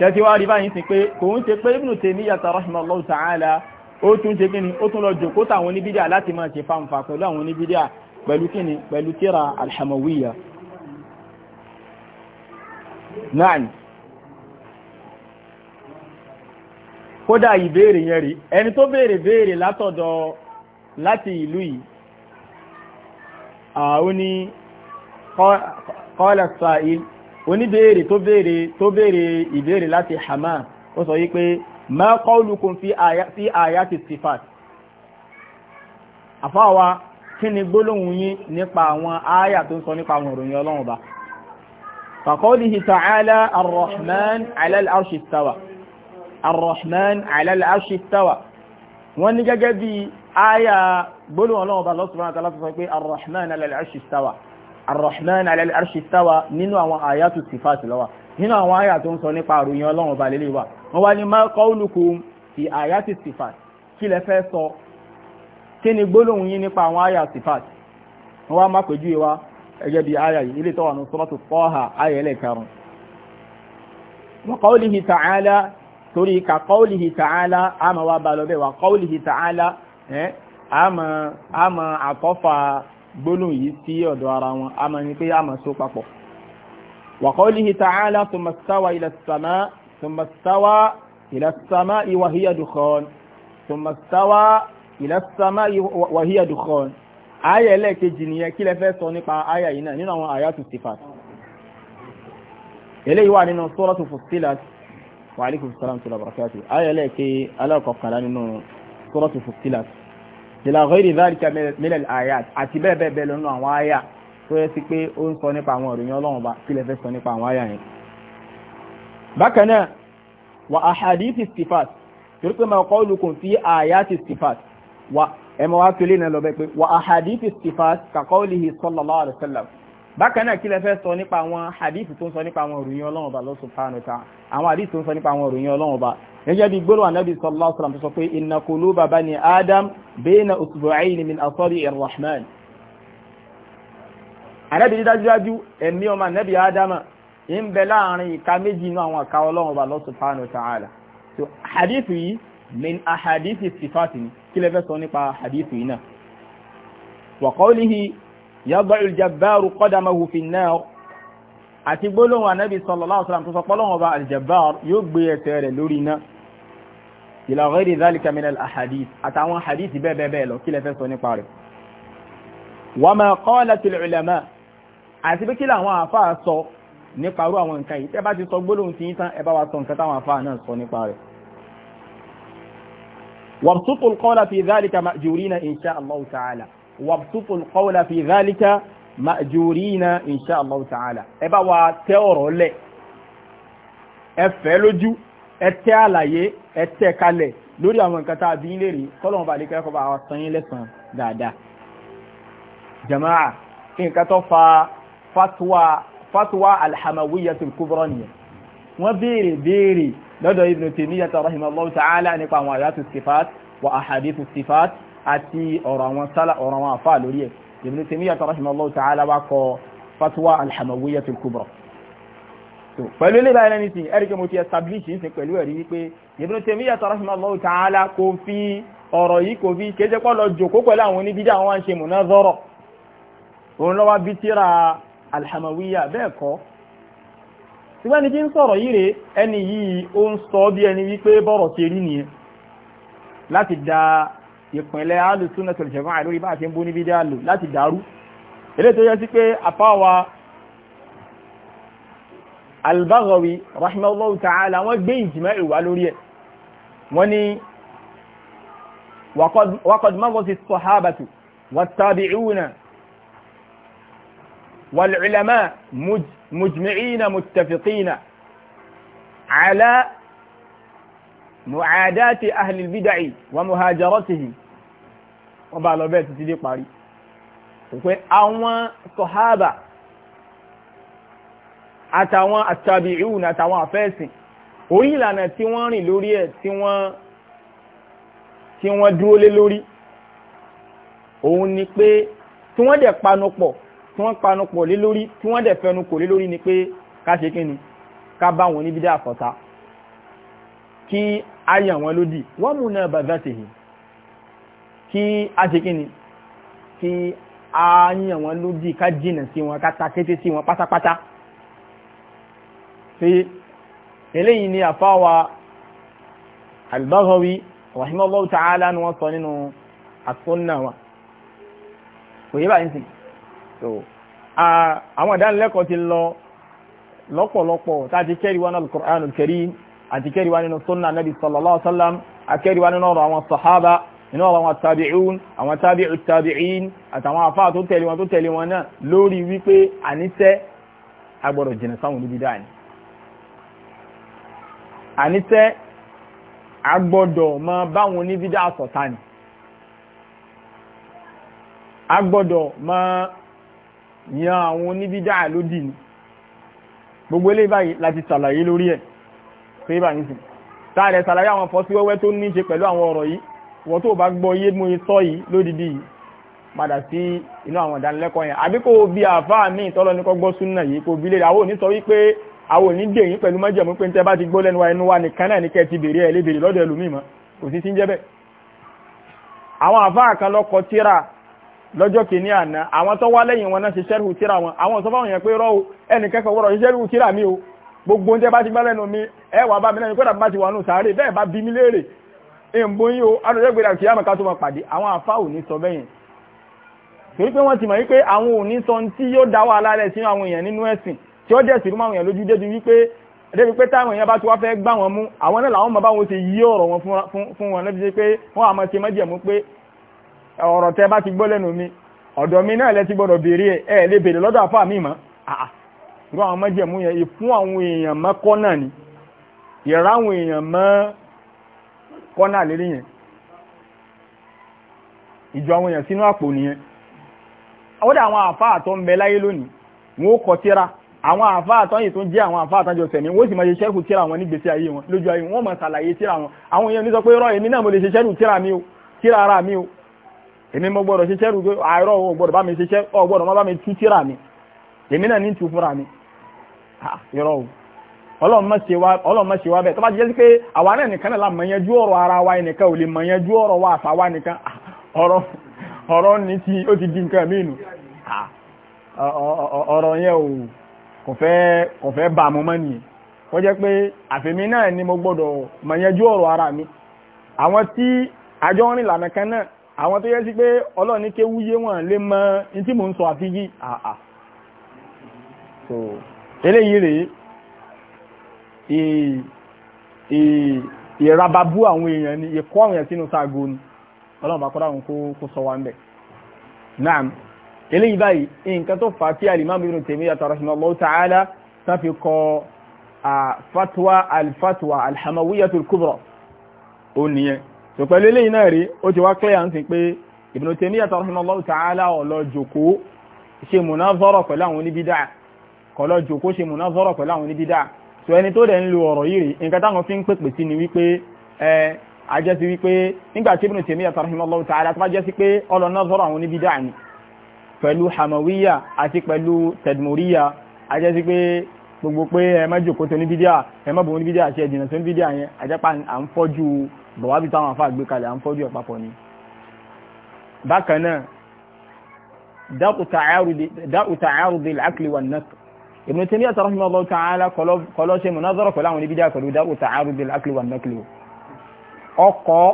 tẹ́tí wá rí báyìí sí pé kò ń ṣe pé Ibn Taymiyyah rahimahullahu ta'ala ó tún ṣe kíni ó tún lọ jòkó táwọn oníbídíà láti máa ṣe fáǹfà pẹ̀lú àwọn oníbídíà pẹ̀lú kíni pẹ̀lú tíra alhamawiyya kódà ìbéèrè yẹn rí ẹni tó béèrè béèrè látọ̀dọ̀ láti ìlú yìí àwọn ní kọ́lẹ̀ sa'il oníbéèrè tó béèrè tó béèrè ìbéèrè láti hama ó sọ yí pé ma qawlukum fi ayati sifat àfáwa kí ni gbólóhùn yín nípa àwọn ááyà tó ń sọ nípa àwọn òròyìn ọlọ́run ba faqawlihi ta'ala ar-rahman ala al arrahman alal arshi istawa wọ́n ní gẹ́gẹ́ bí àyà gbólóhùn ọlọ́run ọba Allah subhanahu wa ta'ala sọ pé arrahman alal arshi istawa arrahman alal arshi istawa nínú àwọn àyàtù sifat lọ́wà nínú àwọn àyà tó ń sọ nípa àròyìn ọlọ́run ọba lélẹ̀ wà wọ́n wá ní ma qawlukum fi àyàtì sifat kí lẹ fẹ́ má pèjú wa gẹ́gẹ́ torí ka qawlihi ta'ala a ma wá balọ̀ bẹ́ẹ̀ wà qawlihi ta'ala a ma àtọ́fà gbólóhùn yìí sí ọ̀dọ̀ ara wọn a ma ní pé a ma so papọ̀ wà qawlihi ta'ala thumma stawa ila as-sama' thumma stawa ila as-sama'i wa hiya dukhan thumma wa alaikum salam wa barakatuh ayé ẹlẹ́ẹ̀kẹ́ alákọ̀ọ́kànlá nínú sọ́rọ́tù fusilat ìlà ghairi dhalika mílẹ̀ àyà àti bẹ́ẹ̀ bẹ́ẹ̀ bẹ́ẹ̀ lọ́nà àwọn àyà tó yẹ sí pé ó ń sọ nípa àwọn ìròyìn ọlọ́run bá kílẹ̀ fẹ́ sọ nípa àwọn àyà yẹn. bákan náà wa ahadith istifat torí pé ma qawlukum fi ayat istifat wa ẹ̀ mọ̀ wá pélé náà lọ bẹ́ẹ̀ pé wa ahadith istifat ka qawlihi sallallahu alaihi wasallam bákan náà kí lẹ fẹ́ sọ nípa àwọn hadith tó ń sọ nípa àwọn òròyìn ọlọ́run ọba lọ́sùn fáànùta àwọn hadith tó ń sọ nípa àwọn òròyìn ọlọ́run ọba gẹ́gẹ́ bí gbólóhùn anábì sallallahu alaihi wasallam tó sọ pé inna quluba bani adam bayna usbu'aini min asari irrahman anábì dídájúdájú ẹ̀mí ọmọ anábì adama ń bẹ láàrin ìka méjì inú àwọn yad'u al-jabbaru qadamahu fi an-nar àti gbólóhùn anábì sallallahu alaihi wasallam tó sọ pọ́lọ́wọ́n bá al-jabbar yóò gbé ẹsẹ̀ rẹ̀ lórí iná ila ghairi dhalika min al-ahadith àtàwọn hadith bẹ́ẹ̀ bẹ́ẹ̀ lọ kí lẹ fẹ́ sọ nípa rẹ̀ wa ma qalat al-ulama àti bí kí làwọn àfáà sọ nípa irú àwọn nǹkan yìí tẹ́ bá ti sọ gbólóhùn tí yín tán wa sọ nǹkan táwọn àfáà náà sọ nípa rẹ̀ wabsutul qawla fi dhalika ma'jurina insha Allah ta'ala wabtutul qawla fi dhalika ma'jurina insha Allah ta'ala ẹ bá wa tẹ́ ọ̀rọ̀ lẹ̀ ẹ fẹ́ lójú ẹ tẹ́ àlàyé ẹ tẹ́ kalẹ̀ lórí àwọn nǹkan tá a bí lè rí kọ́lọ́mù bàálí kẹ́kọ̀ọ́ bá wa san yín lẹ́sàn dáadáa jama'a nǹkan tó fa fatwa fatwa alhamawiyyatul kubra nìyẹn wọ́n béèrè béèrè lọ́dọ̀ ibn Taymiyyah rahimahullahu ta'ala nípa àwọn àyàtu sifat wa ahadithu sifat àti ọ̀rọ̀ àwọn sálà ọ̀rọ̀ àwọn àfáà lórí ẹ̀ Ibn Taymiyyah rahimahullahu ta'ala wá kọ fatwa al-Hamawiyyatul Kubra pẹ̀lú ilé báyìí lẹ́ni sìn ẹ̀rí kí mo ti establish ní sìn pẹ̀lú ẹ̀rí wípé Ibn Taymiyyah rahimahullahu ta'ala kò fi ọ̀rọ̀ yìí kò fi kéde pọ́ lọ jòkó pẹ̀lú àwọn oníbídà àwọn wá ń ṣe munazara òun lọ́wọ́ bí tíra al bẹ́ẹ̀ kọ́ ṣùgbọ́n ní ń sọ̀rọ̀ yìí rè ẹni yìí ó ń sọ bí ẹni wípé bọ́rọ̀ ṣe rí nìyẹn láti da ìpínlẹ̀ alùsùn náà sọ̀rọ̀ ṣẹ̀fọ́n àìlórí bá ṣe ń bú ní bídíà alù láti dàrú ilé tó yẹ sí pé àfáwà albaghawi rahimahullahu ta'ala wọ́n gbé ìjìmá ìwà lórí ẹ̀ wọ́n ní waqad maghati as-sahabatu wat mu'adati ahli al-bid'i wa muhajaratihim wọ́n bá lọ bẹ́ẹ̀ títí dé parí pé àwọn sọ̀hábà àtàwọn àtàbíhùn àtàwọn àfẹ́ẹ̀sìn orí ìlànà tí wọ́n rìn lórí ẹ̀ tí wọ́n tí wọ́n dúró lé lórí òun ni pé tí wọ́n dẹ̀ panupọ̀ tí wọ́n panupọ̀ lé lórí tí wọ́n dẹ̀ fẹnu kò lé lórí ni pé ká ṣe kí ni ká bá wọn níbi dá àfọ̀tá kí ayàn wọn lódì wọ́n mú náà bàbá tèhì kí a ṣe kí ni kí ayàn wọn lódì ká jìnà sí wọn ká ta kété sí wọn pátápátá ṣe eléyìí ni àfáwà albaghawi rahimahullahu ta'ala ni wọ́n sọ nínú àtúnnà kò yé báyìí sí so àwọn ìdánilẹ́kọ̀ọ́ ti lọ lọ́pọ̀lọpọ̀ tá a ti kẹ́rì wọn àti kẹ́rìwá nínú sunna nabi sallallahu alaihi wasallam akẹ́rìwá nínú ọ̀rọ̀ àwọn sahaba nínú ọ̀rọ̀ àwọn tabi'un àwọn tabi'u tabi'in àtàwọn afá tó tẹ̀lé wọn tó tẹ̀lé wọn náà lórí wípé àníṣẹ́ agbọ́dọ̀ jìnà sáwọn olúbídá ni àníṣẹ́ agbọ́dọ̀ máa báwọn oníbídá ṣọ̀tá ni agbọ́dọ̀ máa yan àwọn oníbídá lódì ni gbogbo eléyìí báyìí láti ṣàlàyé lórí ẹ̀ pé bá nísìn táàrẹ sàlàyé àwọn fọ́ sí wẹ́wẹ́ tó ní ṣe pẹ̀lú àwọn ọ̀rọ̀ yìí wọ́n tó bá gbọ́ yé mú sọ yìí lódìdí yìí padà sí inú àwọn ìdánilẹ́kọ̀ọ́ yẹn àbí kò bí àáfàá mi ìtọ́lọ ni kó gbọ́ súnà yìí kò bí léèrè àwọn ò ní sọ wípé àwọn ò ní dè yín pẹ̀lú májẹ̀mú pé tẹ́ bá ti gbọ́ lẹ́nu wa ẹnu wa nìkan náà ní kẹ́ ti bèrè ẹ̀ lé bèrè lọ́dọ̀ ẹlòmíì mọ́ kò sí sí ń jẹ́ bẹ́ẹ̀. àwọn àáfàá kan lọ́kọ tíra lọ́jọ́ kìíní àná àwọn tó wá lẹ́yìn wọn náà ṣe ṣẹ́rù tíra wọn àwọn sọ fáwọn yẹn pé rọ́ ẹnì kẹ́kọ̀ọ́ wọ́rọ̀ ṣe ṣẹ́rù tíra mi o gbogbo oúnjẹ bá ti gbá lẹ́nu mi ẹ wà bá mi lẹ́nu kódà bá ti wà nù sáré bẹ́ẹ̀ bá bí mi léèrè èèmbo yín o adọ́jọ́ gbéra kí àmọ̀ká tó máa pàdé àwọn àfa ò ní sọ bẹ́yìn torí pé wọ́n ti mọ̀ wípé àwọn ò ní sọ tí yóò dá wàhálà rẹ̀ sínú àwọn èèyàn nínú ẹ̀sìn tí ó dẹ̀ sínú àwọn èèyàn lójú débi wípé débi pé táwọn èèyàn bá ti wá fẹ́ gbá wọn mú àwọn náà làwọn mọ̀ báwọn ṣe yí ọ̀rọ̀ wọn fún wọn lẹ́bi pé wọ́n àmọ́ ṣe mọ́jẹ̀mú pé ọ̀rọ̀ tẹ́ bá ti gbọ́ lẹ́nu mi ọ̀dọ̀ mi náà lẹ ti gbọ́dọ̀ béèrè ẹ̀ lè béèrè lọ́dọ̀ àfa mi mọ́ irú àwọn májẹ̀mú yẹn ìfún àwọn èèyàn mọ́ kọ́nà ni ìrá àwọn èèyàn mọ́ kọ́nà lérí yẹn ìjọ àwọn èèyàn sínú àpò nìyẹn ó dà àwọn àfáà tó ń bẹ láyé lónìí wọn ó kọ tíra àwọn àfáà tó yìí tó jẹ́ àwọn àfáà tánjọ sẹ̀mí wọ́n sì máa ṣe ṣẹ́kù tíra wọn nígbèsí ayé wọn lójú ayé wọn máa ṣàlàyé tíra wọn àwọn èèyàn ní sọ pé rọ èmi náà mo lè ṣe ṣẹ́rù tíra mi o tíra ara mi o èmi mo gbọ́dọ̀ ṣe ṣẹ́rù pé àìrọ̀ o gbọ́dọ̀ bá mi ṣe ṣẹ́ ọ gbọ́dọ̀ má bá mi tú tíra mi èmi náà ní tú fúnra mi irọ́ o ọlọ́run má ṣe wa bẹ má ṣe pé àwa náà nìkan náà la mọ̀yẹ́jú ara wa nìkan ò lè mọ̀yẹ́jú ọ̀rọ̀ wa àtà wa nìkan ọrọ ọ̀rọ̀ ní ti ti di nǹkan mí nù ọ̀rọ̀ yẹn o kò kò mu pé náà ni mo ara mi àwọn tí àjọ ń rìn lànà kan náà àwọn tó yẹ sí pé ọlọ́run ní wọn lè mọ ní tí mò ń sọ àfi yí eléyìí rèé ìrababú àwọn èèyàn ni ìkọ́ àwọn èèyàn sínú sáàgó ni ọlọ́run bá kọ́dá àwọn kó sọ wa ń bẹ̀ náà eléyìí báyìí nǹkan tó fà á tí alimam ibn Taymiyyah rahimahullahu ta'ala tán fi kọ fatwa alfatwa alhamawiyyatul kubra ó nìyẹn tó pẹ̀lú eléyìí náà rí ó ti wá clear ń sìn pé ibn Taymiyyah rahimahullahu ta'ala ó lọ jókòó ṣe munazara pẹ̀lú àwọn oníbídà kọ̀lọ́ jòkó ṣe múná zọ́rọ̀ pẹ̀lú àwọn onídídá so ẹni tó dẹ̀ ń lo ọ̀rọ̀ yìí rí nǹkan táwọn fi ń pèpè sí ni wípé ẹ ajẹ́sí wípé nígbà tí Ibn Taymiyyah rahimahullahu ta'ala tó bá jẹ́sí pé ọlọ náà zọ́rọ̀ àwọn onídídá ni pẹ̀lú hamawiya àti pẹ̀lú tedmoriya ajẹ́sí pé gbogbo pé ẹ má jòkó tó onídídá ẹ má bò onídídá àti ẹ̀jìnà tó onídídá Ibn Taymiyyah rahimahullahu ta'ala kọlọ́ ṣe munazara pẹ̀lú àwọn oníbídà pẹ̀lú dáwò ta'arud al-akli wa an-nakli ọkọ̀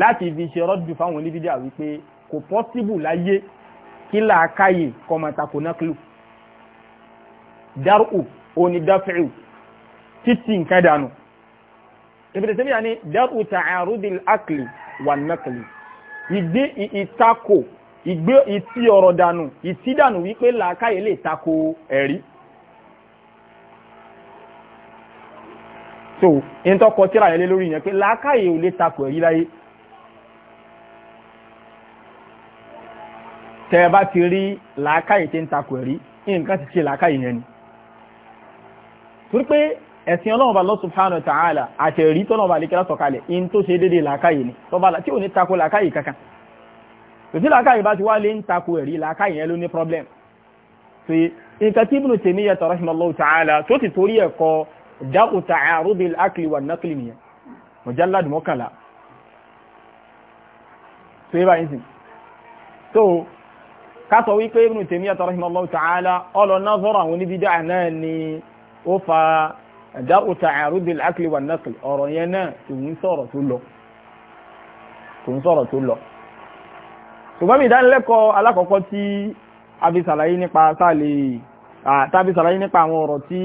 láti fi ṣe rọ́dù fáwọn oníbídà wípé kò pọ́síbù láyé kí làákàyè kọmọ̀tàkù náklù dárù òní dáfẹ́ù títí nǹkan dànù Ibn Taymiyyah ni dárù ta'arud al-akli wa an ìtakò ìgbé ìtí ọ̀rọ̀ dànù ìtí dànù wípé làákàyè lè takò ẹ̀rí so in tó kọ tíra yẹlé lórí yẹn pé làákàyè ò lè takò ẹ̀rí láyé tẹ́ ẹ bá ti rí làákàyè tí ń takò ẹ̀rí nǹkan ti ṣe làákàyè yẹn ni torí pé ẹ̀sìn ọlọ́run Allah subhanahu wa ta'ala àtẹ̀rí tọ́lọ́run bá lékẹ́lá sọ̀kalẹ̀ in tó ṣe déédéé làákàyè ni tọ́ba tí ò ní takò làákàyè kankan tòtí làákàyè bá ti wá lé ń takò ẹ̀rí làákàyè yẹn ló ní problem so nǹkan tí Ibn Taymiyyah rahimahullahu ta'ala tó ti torí ẹ̀kọ́ dákù tààrùdì akìlì wà nákìlì nìyẹn mọ̀jáládì mọ́kànlá tó yẹ báyìí sí so kásọ wípé Ibn Taymiyyah rahimahullahu ta'ala ọlọ náà zọrọ àwọn oníbídà náà ni ó fa dákù tààrùdì akìlì wà nákìlì ọ̀rọ̀ yẹn náà kò ń sọ̀rọ̀ tó lọ tàbí ṣàlàyé nípa àwọn ọ̀rọ̀ tí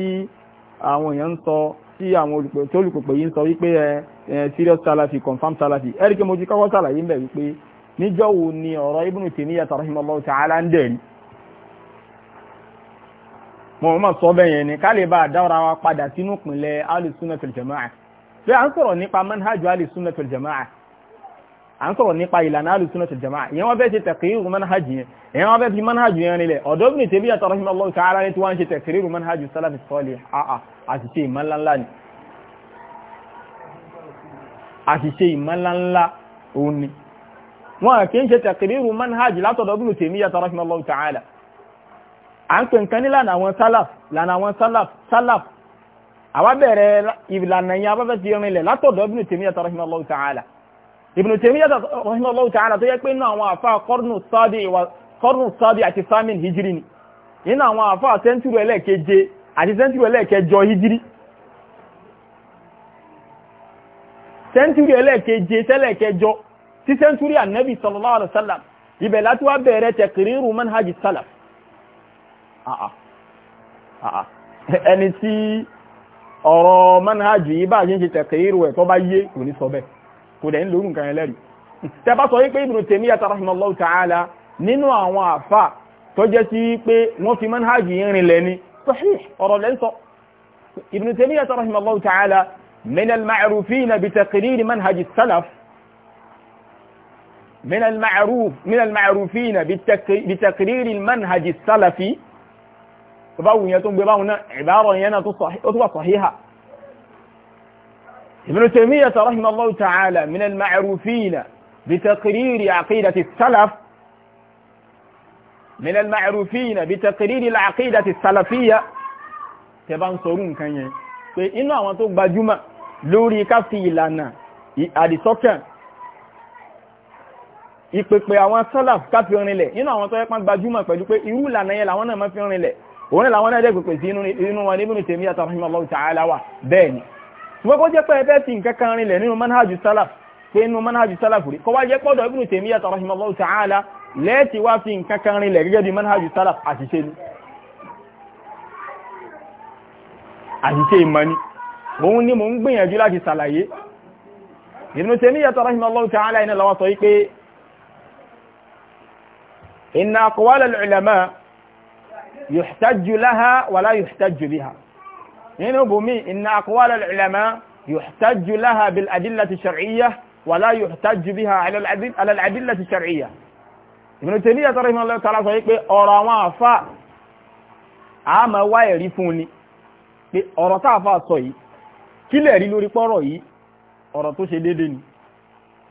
àwọn èèyàn ń sọ tí àwọn olùpẹ̀ tí olùpẹ̀pẹ̀ yìí ń sọ wípé ẹ ẹ serious salafi confam salafi ẹ̀rí pé mo ti kọ́kọ́ sàlàyé ńbẹ̀ wípé níjọ́ wo ni ọ̀rọ̀ Ibn Taymiyyah rahimahullahu ta'ala ń dẹ̀rí mo mọ̀ sọ bẹ́ẹ̀ yẹn ni ká lè bá dára wa padà sínú ìpìnlẹ̀ Ahlus Sunnah wal à ń sọ̀rọ̀ nípa manhaj Ahlus Sunnah à ń sọ̀rọ̀ nípa ìlànà alùsùnà tó jama'a ìyẹn wọ́n fẹ́ ṣe tẹ̀kìrìrù manhajì yẹn ìyẹn wọ́n fẹ́ fi manhajì yẹn nílẹ̀ ọ̀dọ́ bí tẹ̀bí àtọ̀rọ̀ sí ọlọ́run káàrà ní tí wọ́n ń ṣe tẹ̀kìrìrù manhajì sálàfi sọ́ọ̀lì àṣìṣe ìmọ̀láńlá ni àṣìṣe ìmọ̀láńlá òun ni wọ́n kì í ṣe tẹ̀kìrìrù manhajì látọ̀dọ̀ bí tẹ̀bí àtọ̀rọ̀ sí ọlọ́run káàrà à ń pè nǹkan ní lànà àwọn sálàf lànà àwọn sálàf bẹ̀rẹ̀ ìlànà yẹn abáfẹ́ fi rinlẹ̀ látọ̀dọ̀ bí tẹ̀bí àtọ̀rọ̀ sí Ibn Taymiyyah rahimahullahu ta'ala tó yẹ pé inú àwọn àfáà kọ́rùnù sáàbì àti samin hijiri ni inú àwọn àfáà sẹ́ńtúrù ẹlẹ́ẹ̀keje àti sẹ́ńtúrù ẹlẹ́ẹ̀kẹjọ hijiri sẹ́ńtúrì ẹlẹ́ẹ̀keje tẹ́lẹ̀kẹjọ sí sẹ́ńtúrì ànẹ́bì sallallahu alaihi wasallam ibẹ̀ láti wá bẹ̀rẹ̀ tẹ̀kìrìrù manhajì salaf ẹni tí ọ̀rọ̀ manhajì ibá ṣe ń ṣe tẹ̀kìrìrù ẹ̀ tó bá yé kò dẹ̀ ń lórú nǹkan ẹlẹ́rìí tẹ́bá sọ wípé Ibn Taymiyyah rahimahullahu ta'ala nínú àwọn àfà tó jẹ́ sí pé wọ́n fi manhaji irin lẹ́ni sahih ọ̀rọ̀ lẹ́ sọ Ibn Taymiyyah rahimahullahu ta'ala min al-ma'rufina bi taqrir manhaji salaf من المعروف من المعروفين بتقرير المنهج السلفي فباو يتم بباونا عبارة ينا تصبح ابن تيمية رحمه الله تعالى من المعروفين بتقرير عقيدة السلف من المعروفين بتقرير العقيدة السلفية tẹ́bá ń sọrú nǹkan yẹn pé inú àwọn tó gbajúmọ̀ lórí ká fi ìlànà àdìsọ́kàn ìpèpè àwọn sálàf ká fi rinlẹ̀ inú àwọn tó yẹpá gbajúmọ̀ pẹ̀lú pé irú ìlànà yẹn làwọn náà máa fi rinlẹ̀ òun làwọn náà dẹ̀ pèpè sí inú wọn níbùnú tèmíyàtọ̀ rahimallahu ta'ala wa bẹ́ẹ̀ ni ṣùgbọ́n kó jẹ́ pé ẹbẹ́ ti nǹkan kan rinlẹ̀ nínú manhajj salaf pé nínú manhaj salaf rí kọ́ wá jẹ́ pọ́dọ̀ Ibn Taymiyyah rahimahullahu ta'ala lẹ́ẹ̀tì wá fi nǹkan kan rinlẹ̀ gẹ́gẹ́ bí manhaj salaf àṣìṣe ni àṣìṣe ìmọ̀ ni òun ni mò ń gbìyànjú láti ṣàlàyé Ibn Taymiyyah rahimahullahu ta'ala iná lọ́wọ́ sọ inna aqwala ulama yuhtajju laha wa yuhtajju biha nínú bùnmí inna aqwala al-ulama yuhtajju laha bil adillati shar'iyyah wala yuhtajju biha ala al-adillati shar'iyyah Ibn Taymiyyah rahimahullahu ta'ala sọ pé ọ̀rọ̀ àwọn àfà a máa wá ẹ̀rí fún ni pé ọ̀rọ̀ tá àfà sọ yìí kí lẹ̀ rí lórí pọ́rọ̀ yìí ọ̀rọ̀ tó ṣe déédé ni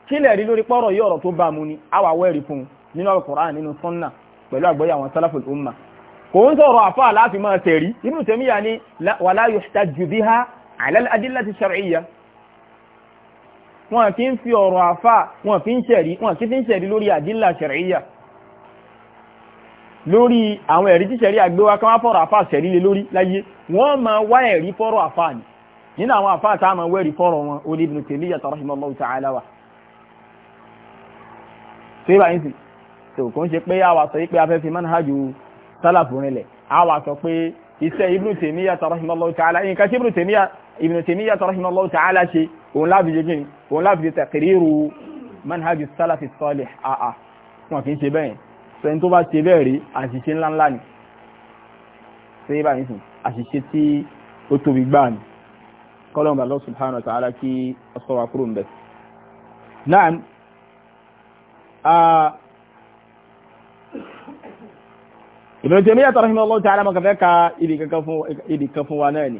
kí lẹ̀ rí lórí pọ́rọ̀ yìí ọ̀rọ̀ tó bá mu ni a wà fún nínú al nínú sunna pẹ̀lú àgbọ́yé àwọn salaful kò ń sọ̀rọ̀ àfáà láti máa tẹ̀rí Ibn Taymiyyah ni wala yuhtajju biha ala al-adillati ash-shar'iyyah wọn kì í fi ọ̀rọ̀ àfáà wọn fi ń tẹ̀rí wọn kì í fi ń tẹ̀rí lórí adilla ash-shar'iyyah lórí àwọn ẹ̀rí tí sẹ̀rí àgbéwá kan wá fọ́rọ̀ àfáà sẹ̀rí lé lórí láyé wọ́n máa wá ẹ̀rí fọ́rọ̀ àfáà ni nínú àwọn àfáà tá a máa wẹ́rí fọ́rọ̀ wọn ó ní Ibn Taymiyyah rahimahullahu ta'ala wa tó yẹ báyìí sì tó kò ń ṣe pé àwa yìí pé afẹ́fẹ́ manhajú sálàfù rinlẹ̀ a wà sọ pé iṣẹ́ Ibn Taymiyyah rahimahullahu ta'ala nǹkan tí Ibn Taymiyyah Ibn Taymiyyah rahimahullahu ta'ala ṣe òun láàbì jẹ́ gini òun láàbì jẹ́ taqriru manhaj sálàfì sọ́ọ̀lì àà wọn kì í ṣe bẹ́ẹ̀ sẹ́ni tó bá ṣe bẹ́ẹ̀ rí àṣìṣe ńláńlá ni sẹ́yìn bá nìsín àṣìṣe tí ó tóbi Allah subhanahu wa ta'ala kí ọ̀sọ́ kúrò ń bẹ̀. náà Ibn Taymiyyah rahimahullahu ta'ala maka fẹ́ ka ìdí kan fún wa náà ni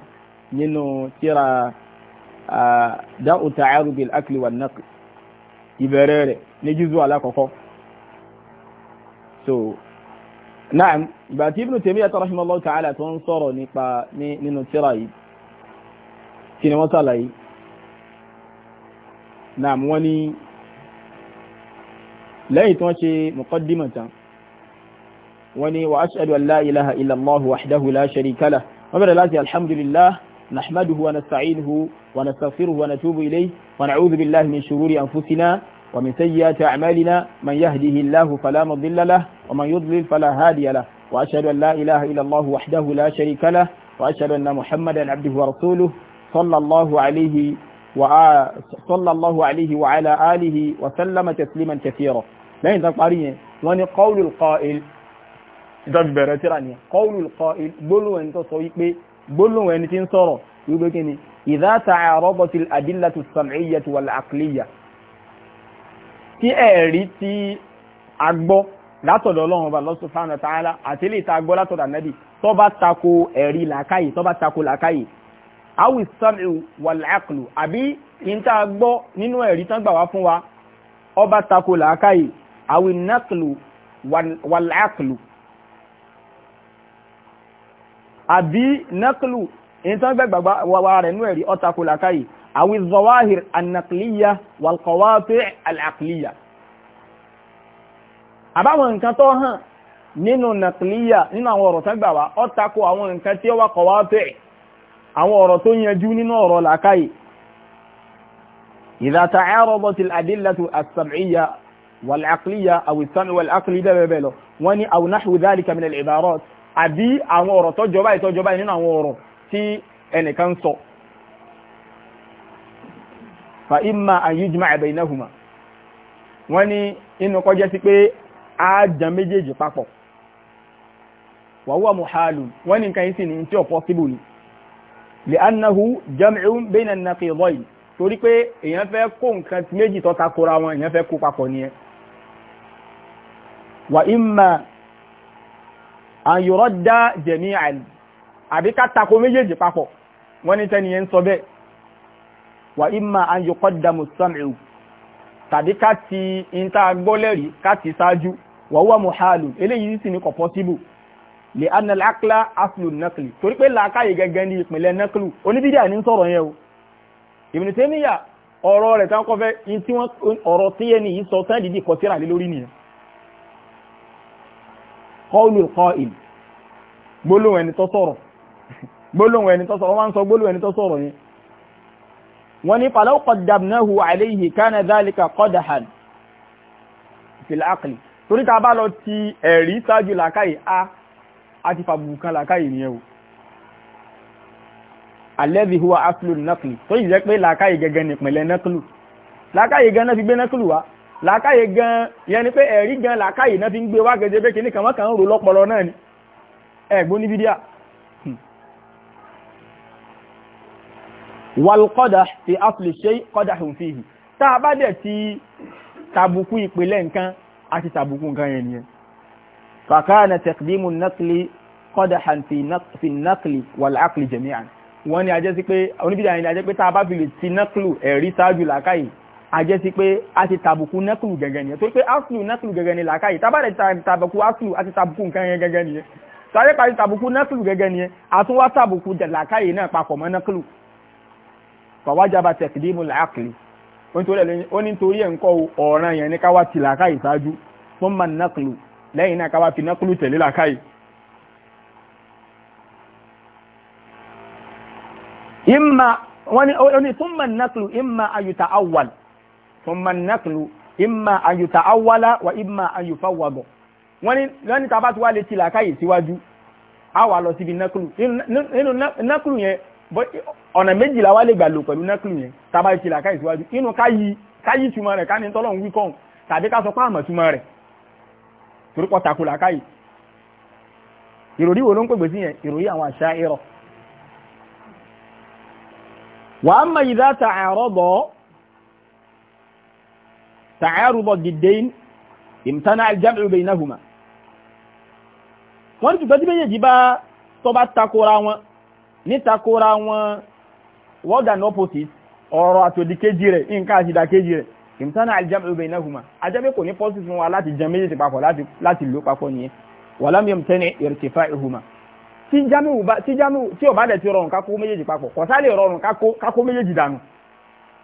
nínú tíra da'u ta'arud al-akl wal-naql ìbẹ̀rẹ̀ rẹ̀ ní jùzú alákọ̀ọ́kọ́ so na'am ìgbà tí Ibn Taymiyyah rahimahullahu ta'ala tó ń sọ̀rọ̀ nípa nínú tíra yìí kí ni wọ́n sàlàyé na'am wọ́n ni lẹ́yìn tí wọ́n ṣe muqaddimatan وني وأشهد أن لا إله إلا الله وحده لا شريك له وبدأ الذي الحمد لله نحمده ونستعينه ونستغفره ونتوب إليه ونعوذ بالله من شرور أنفسنا ومن سيئات أعمالنا من يهده الله فلا مضل له ومن يضلل فلا هادي له وأشهد أن لا إله إلا الله وحده لا شريك له وأشهد أن محمدا عبده ورسوله صلى الله عليه وع... صلى الله عليه وعلى آله وسلم تسليما كثيرا لين تقارين وني قول القائل dọ́bí bẹ̀rẹ̀ tíra ní kọ́wùlù kọ́ gbólóhùn ẹni tó sọ wípé gbólóhùn ẹni tí ń sọ̀rọ̀ wípé kí ni idha ta'aradat al-adillah as-sam'iyyah wal-aqliyyah tí ẹ̀rí tí a gbọ́ látọ̀dọ̀ ọlọ́run bá subhanahu wa ta'ala àti ilé ìta gbọ́ látọ̀dọ̀ ànábì tó bá tako ẹ̀rí làákàyè tó bá tako làákàyè awi wal-aqlu àbí naqlu ìtàn gbẹ̀gbàgbà wà rẹ̀ nú ẹ̀rí ọ̀tàkù làkàyè àwí zawahir annaqliya wal qawati' al'aqliya àbáwọn nǹkan tó hàn nínú naqliya nínú àwọn ọ̀rọ̀ tán gbà wá ọ̀tàkù àwọn nǹkan tí ó wà qawati' àwọn ọ̀rọ̀ إذا تعارضت الأدلة السمعية والعقلية أو السمع والعقل ده بيبلو وني أو نحو ذلك من العبارات àbí àwọn ọ̀rọ̀ tọ́jọba ìtọ́jọba nínú àwọn ọ̀rọ̀ tí ẹnìkan sọ fa ima an yujma'a baynahuma wọ́n ní inú kọjẹ́ sí pé a jàn méjèèjì papọ̀ wa muhalu wọ́n ní nǹkan yìí ní tí ò possible ni li'annahu jam'un bayna an-naqidayn torí pé èèyàn fẹ́ kó nǹkan méjì wọn èèyàn fẹ́ kó papọ̀ nìyẹn wa àyọ̀rọ̀ dá jẹ̀mí àìlì àbí ká tako méjèèjì papọ̀ wọ́n ní tẹ́ni yẹn sọ bẹ́ẹ̀ wà ìmà àyọ̀kọ́ dàmú sàmìlù tàbí ká ti ìta gbọ́lẹ̀rí ká ti ṣáájú wà wà muhalu eléyìí sì ní kò possible lè anal akla aslu nakli torí pé làákàyè gẹ́gẹ́ ní ìpínlẹ̀ naklu oníbídíà ní sọ̀rọ̀ yẹn o Ibn Taymiyyah ọ̀rọ̀ rẹ̀ tán kọ́ fẹ́ ọ̀rọ̀ tí ẹni yìí sọ tán lórí nìyẹn kọ́ọ̀lù kọ́ọ̀lù gbólóhùn ẹni tó sọ̀rọ̀ gbólóhùn ẹni tó sọ̀rọ̀ wọ́n sọ gbólóhùn ẹni tó sọ̀rọ̀ ni wọ́n ní falaw qaddamnahu alayhi kana dhalika qadhan fil aqli torí ta bá lọ ti ẹ̀rí sáájú làkáyì a àti fàbùkan làkáyì ni ẹ̀wò alladhi huwa aslu naqli tó yìí jẹ́ pé làkáyì gẹ́gẹ́ nípìnlẹ̀ naqlu làkáyì gẹ́gẹ́ náà fi gbé naqlu wá làákàyè gan yẹn ni pé ẹ̀rí gan làákàyè náà fi ń gbé wá gẹ́gẹ́ bẹ́ẹ̀ kìíní kàmọ́ kàn ń rò lọ́pọlọ náà ni ẹ̀gbọ́n ní bídíà. wàlùkọ́dà ti àfìlè ṣe kọ́dà òfìhì tá a bá dẹ̀ ti tàbùkù ìpìlẹ̀ nǹkan àti tàbùkù nǹkan yẹn nìyẹn. fàkàánà tẹ̀kídìmù nákìlì kọ́dà fi nákìlì wàlàákìlì jẹ̀míà wọ́n ní ajẹ́ sí pé oníbídà yẹn ni ajẹ́ pé tá a bá fi lè ti nákìlù ẹ̀rí ṣáájú làákàyè àjẹ́ sí pé a ti tàbùkù nẹ́kùlù gẹ́gẹ́ nìyẹn torí pé áṣùlù nẹ́kùlù gẹ́gẹ́ ni làákàyè tábàdẹ̀ tàbùkù áṣùlù àti tàbùkù nǹkan yẹn gẹ́gẹ́ nìyẹn sáré parí tàbùkù nẹ́kùlù gẹ́gẹ́ nìyẹn àtúnwá tàbùkù làákàyè náà papọ̀ mọ́ nẹ́kùlù fàwájába tẹ̀sídìmù làákìlì ó ní torí ẹ̀ ń kọ́ ọ̀ràn yẹn ní ká wá ti làákàyè ṣáájú fún mà nẹ́kùlù lẹ́yìn náà ká wá fi nẹ́kùlù tẹ̀lé làákàyè. ìmà wọ́n ní tún mà nẹ́kùlù ìmà ayùtà awàlì thumma an-naqlu imma an yuta'awwala wa imma an wọ́n ní lọ́ní tá bá ti wá lè ti làákàyè síwájú a wà síbi nákùlù nínú nákùlù yẹn ọ̀nà méjìlá wá lè gbà lò pẹ̀lú nákùlù yẹn tá bá ti làákàyè síwájú nínú káyí káyí túmọ̀ rẹ̀ káni tọ́lọ̀ ń wí kọ́hùn tàbí ká sọ pé túmọ̀ rẹ̀ torípọ̀ takò làákàyè ìròrí wo ló ń pègbè wàá mọ̀ ìdá ta àrọ̀ تعارض الدين امتنع الجمع بينهما wọ́n ti gbọ́dí méjèèjì bá tó bá takora wọn ní takora wọn word and opposite ọ̀rọ̀ àtòdìkejì rẹ̀ nǹkan àṣìdàkejì rẹ̀ imtana al-jam'u baynahuma ajẹ́bẹ́ kò ní pọ́sí fún wa láti jẹ méjèèjì papọ̀ láti lò papọ̀ nìyẹn wa lam yamtani' irtifa'uhuma tí jámù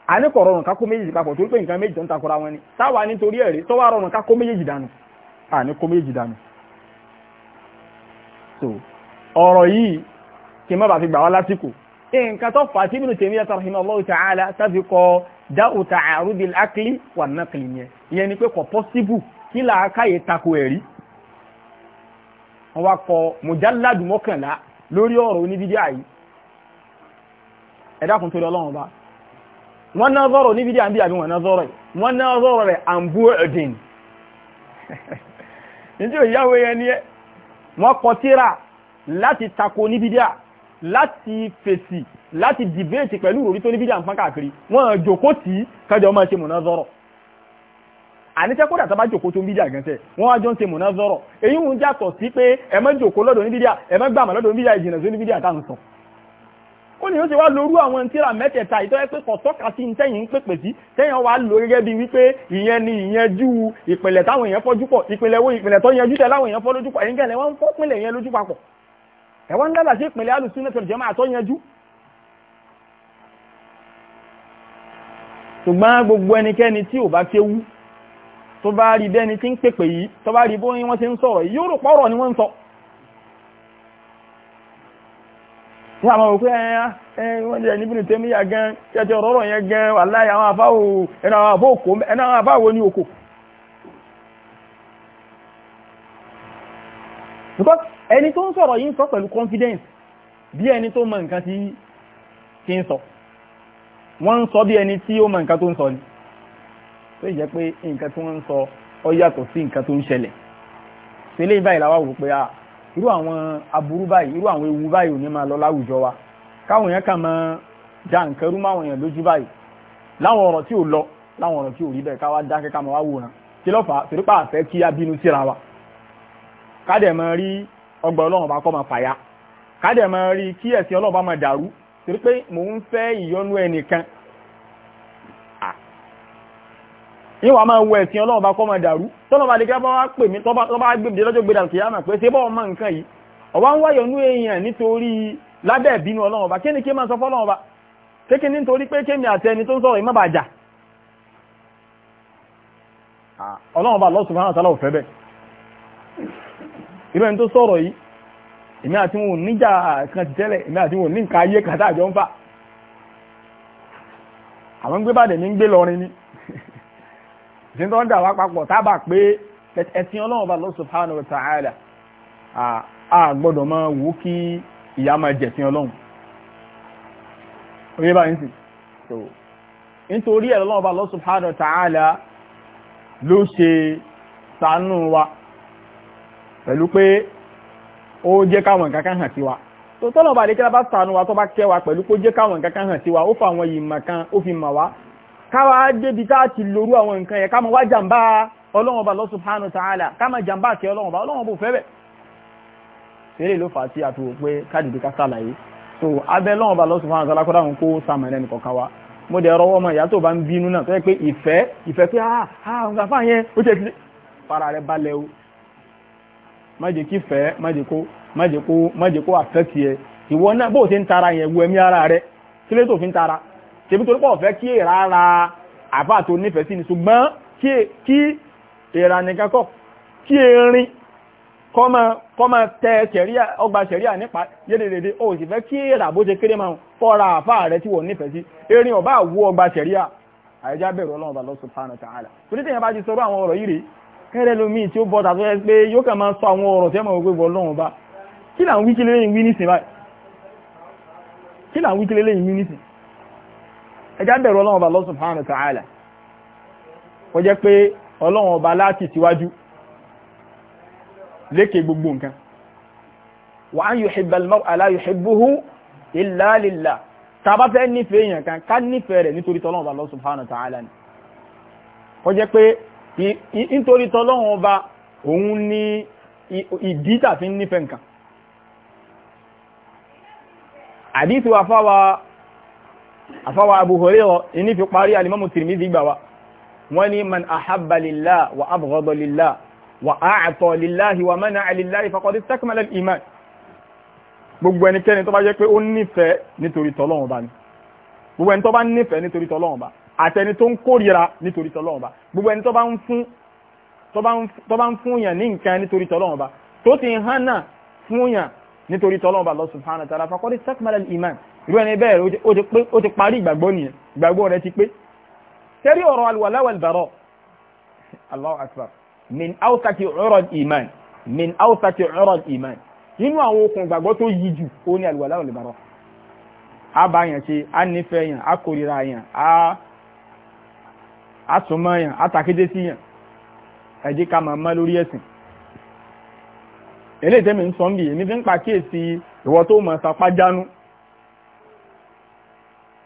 a ní kọ̀ rọrùn ká kó méjèèjì papọ̀ torí pé nǹkan méjì tó wọn ni táwa nítorí ẹ̀rí tó wá rọrùn ká kó méjèèjì dànù a ní kó méjèèjì dànù. so ọ̀rọ̀ yìí kí n má bàa fi gbà wá lásìkò nǹkan tó fà á tí Ibn Taymiyyah rahimahullahu ta'ala sáfi kọ dáhùn ta'arudil akli wà nàkìlì yẹn ìyẹn ni pé kò possible kí làákàyè tako ẹ̀rí wọ́n kọ mùjáládù lórí ọ̀rọ̀ oníbídíà yìí ẹ̀dá kan tó lọ́wọ́ bá wọ́n náà zọ́rọ̀ ní bídí àbí àbí wọ́n náà zọ́rọ̀ wọ́n náà zọ́rọ̀ rẹ̀ àǹbú ẹ̀dìn nítorí òyàwó yẹn ni wọ́n kọ tíra láti tako ní bídí à láti fèsì láti dìbéètì pẹ̀lú òrí tó ní bídí à ń pán káàkiri wọ́n jòkó tí kájọ máa ṣe mọ̀nà zọ́rọ̀ àníṣẹ́ kódà tó bá jòkó tó ń bídí ó ní yóò ṣe wá lórú àwọn tíra mẹ́tẹ̀ẹ̀ta ìtọ́ ẹ pé kò tọ́ka sí tẹ́yìn ń pèpè sí tẹ́yìn wá lò gẹ́gẹ́ bí wípé ìyẹn ni ìyẹn ju ìpìlẹ̀ táwọn èèyàn fọ́jú pọ̀ ìpìlẹ̀ wo ìpìlẹ̀ tó yẹn jútẹ̀ láwọn èèyàn fọ́ lójú pọ̀ ẹ̀yìn gẹ̀lẹ́ wọ́n ń fọ́ pínlẹ̀ yẹn lójú papọ̀ ẹ̀wọ́n ńlá sí ìpìlẹ̀ alùsúnẹ̀tọ̀ jẹ́ máa tọ́ yẹn jú ṣùgbọ́n gbogbo ẹnikẹ́ni tí ò bá kéwú tó bá rí bẹ́ni tí ń pèpè yìí tó bá rí bóyí wọ́n ti ń sọ̀rọ̀ yìí yóò rò pọ̀rọ̀ ni wọ́n ń sọ ní àwọn òkú ẹ̀yà eh, ah, eh, wọ́n jẹ́ níbi tẹ́míyà gan kẹjọ rọ́rọ̀ yẹn gan wà láyé àwọn àfáwò ẹ̀nà àwọn àfáwò ní òkò because ẹni tó ń sọ̀rọ̀ yìí ń sọ pẹ̀lú confidence bí ẹni tó mọ nǹkan tí ń sọ wọ́n ń sọ bí ẹni tí ó mọ nǹkan tó ń sọ ni tó jẹ́ pé nǹkan tí wọ́n ń sọ ó yàtọ̀ sí nǹkan tó ń ṣẹlẹ̀ sílé ìbáyìí làwọn wò pé ah, irú àwọn aburú báyìí irú àwọn ewu báyìí ò ní máa lọ láwùjọ wa káwọn yẹn kàn máa já nǹkan rú máwọn yẹn lójú báyìí láwọn ọ̀rọ̀ tí ò lọ láwọn ọ̀rọ̀ tí ò rí bẹ́ẹ̀ káwá dákẹ́ ká máa wá wòran kí ló fà á torí pa àfẹ́ kí á bínú síra wa kádẹ̀ máa rí ọgbà ọlọ́run bá kọ́ máa fàyà kádẹ̀ máa rí kí ẹ̀sìn ọlọ́run bá máa dàrú torí pé mò ń fẹ́ ìyọnu ẹnìkan níwà wa ama ẹ̀sìn ọlọ́run bá kọ́ máa dàrú tọ́lọ́ bá dìgbà bá pè mí tọ́ bá gbèbìdé lọ́jọ́ gbèdà kì á mà ma ṣé yi máa nǹkan yìí ọ̀wá ń wáyọ̀ nú èèyàn nítorí lábẹ́ ìbínú ọlọ́run bá kéènì kí sọ fọ́lọ́run bá nitori nítorí pé kéèmì àti ẹni tó ń sọ̀rọ̀ ìmọ̀bà jà ọlọ́run bá lọ́sùn fún àtàlà òfẹ́ bẹ́ẹ̀ irú ẹni tó sọ̀rọ̀ kan ti tí tó ń dà wá papọ̀ tábà pé ẹ̀sìn ọlọ́run bá lọ́sùn subhanahu wa ta'ala a gbọ́dọ̀ máa wú kí ìyá máa jẹ̀sìn ọlọ́run oye bá ń sì so nítorí ẹ̀rọ ọlọ́run bá lọ́sùn subhanahu wa ta'ala ló ṣe ṣàánú wa pẹ̀lú pé ó jẹ́ káwọn nǹkan kan hàn sí wa tó bá bá wa tó bá kẹ́ wa fa kan ó fi wá káwa débi tá ti lórú àwọn nǹkan yẹ ká ma wá jàmbá ọlọ́run ọba Allah subhanahu ta'ala ká ma jàmbá kẹ ọlọ́run ọba fẹ́bẹ̀ fẹ́rẹ̀ ló fà á sí àtúwò pé kádìdì ká sàlàyé so abẹ́ ọlọ́run ọba Allah subhanahu ta'ala kọ́dà ń kó sàmọ̀lẹ́ nìkan kan wa mo dẹ̀ rọwọ́ ah ah nǹkan fà yẹn ó jẹ́ ti fara rẹ̀ balẹ̀ o má jẹ́ kí fẹ́ má jẹ́ kó má jẹ́ ṣebí torí pọ̀ fẹ́ kí èèrà ara àfáà tó nífẹ̀ẹ́ sí ni ṣùgbọ́n kí èèrà nìkan kọ́ kí erin kọ́ máa tẹ ọgbà ṣẹ̀ríà nípa yédèdèdè ó sì fẹ́ kí èèrà bó ṣe kéré máa fọ́ra àfáà rẹ tí wọ́n nífẹ̀ẹ́ sí erin ọba àwọ ọgbà ṣẹ̀ríà àìjá bẹ̀rù ọlọ́run Allah subhanahu wa ta'ala torí tẹ̀yìn bá ti sọ̀rọ̀ àwọn ọ̀rọ̀ yìí rèé kẹ́rẹ́ lómi tí ó bọ́ta tó yẹ pé yóò kàn máa sọ àwọn ọ̀rọ̀ tí ẹ máa gbégbọ́ lọ́wọ́ bá kí là ń wí kí lélẹ́yìn wí nísìn báyìí kí là ń wí kí lélẹ́yìn wí ẹjá bẹ̀rù ọlọ́run ọba Allah subhanahu wa ta'ala ó jẹ́ pé ọlọ́run ọba láti tiwájú lékè gbogbo nǹkan wa an yuhibba al-mar'a la yuhibbuhu illa lillah tàbá fẹ́ nífẹ̀ẹ́ èèyàn kan ká nífẹ̀ẹ́ rẹ̀ nítorí tọ́lọ́run ọba Allah subhanahu wa ta'ala ni ó jẹ́ pé nítorí tọ́lọ́run ọba òun ní ìdí tàfi nífẹ̀ẹ́ nǹkan àdìsí wa fáwa àfáwà Abu Hurairah iní fi parí alimamu Tirmidhi gbà wa wọ́n ní man ahabba lillah wa abghada lillah wa a'ta lillahi wa mana'a lillahi faqad istakmala al-iman gbogbo ẹnikẹ́ni tó bá jẹ́ pé ó nífẹ̀ẹ́ nítorí tọ́lọ́run bá ní gbogbo ẹni tó bá nífẹ̀ẹ́ nítorí tọ́lọ́run bá àtẹni tó ń kórìíra nítorí tọ́lọ́run bá gbogbo ẹni tó bá ń fún ní nǹkan nítorí tọ́lọ́run bá tó ti hàn náà nítorí tọ́lọ́run bá Allah subhanahu wa ta'ala faqad istakmala al-iman irú ẹni bẹ́ẹ̀ ó ti parí ìgbàgbọ́ nìyẹn ìgbàgbọ́ rẹ ti pé tẹ́rí ọ̀rọ̀ alwàláwàlbàrọ̀ Allahu akbar min awsati urud iman min awsati urud iman nínú àwọn okùn ìgbàgbọ́ tó yí jù ó ní alwàláwàlbàrọ̀ a bá yàn ṣe a nífẹ̀ẹ́ yàn a kórìíra yàn a súnmọ́ yàn a tàkété sí yàn ẹ jẹ́ fi ń pa kíyèsí tó mọ̀ sapá jánú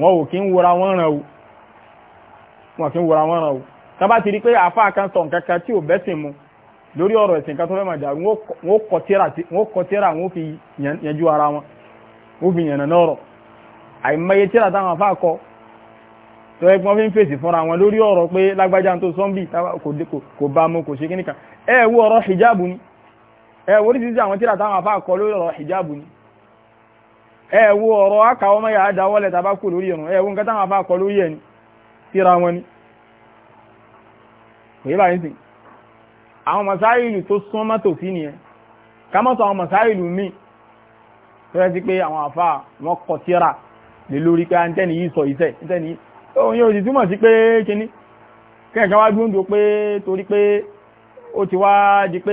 wọn ò kí ń wòra wọn ràn bá ti rí pé kan tí ò mu lórí ọ̀rọ̀ ẹ̀sìn kan tó fẹ́ jà kọ tíra wọ́n fi yanjú ara wọn wọ́n fi yànnà na àìmọye tíra táwọn àáfàá kọ tó ẹ gbọ́n fi ń fèsì fúnra wọn lórí ọ̀rọ̀ pé lágbájá tó sọ́ńbì kò bá kò ṣe kíníkan ẹ ọ̀rọ̀ ni ẹ àwọn tíra táwọn ẹ wo ọ̀rọ̀ akàwọ́ mọ́ yà dáwọ́lẹ̀ tàbá lórí ẹ̀rùn ẹ wo nǹkan táwọn afá kọ síra wọn ni kò bá yín sìn àwọn masáìlù tó sún mọ́tò sí nìyẹn ká àwọn masáìlù tó sí pé àwọn wọn kọ síra lè lórí pé àǹtẹ́ni yìí sọ yìí sì túmọ̀ sí pé kíní kẹ́kẹ́ wá pé torí pé ó ti wá di pé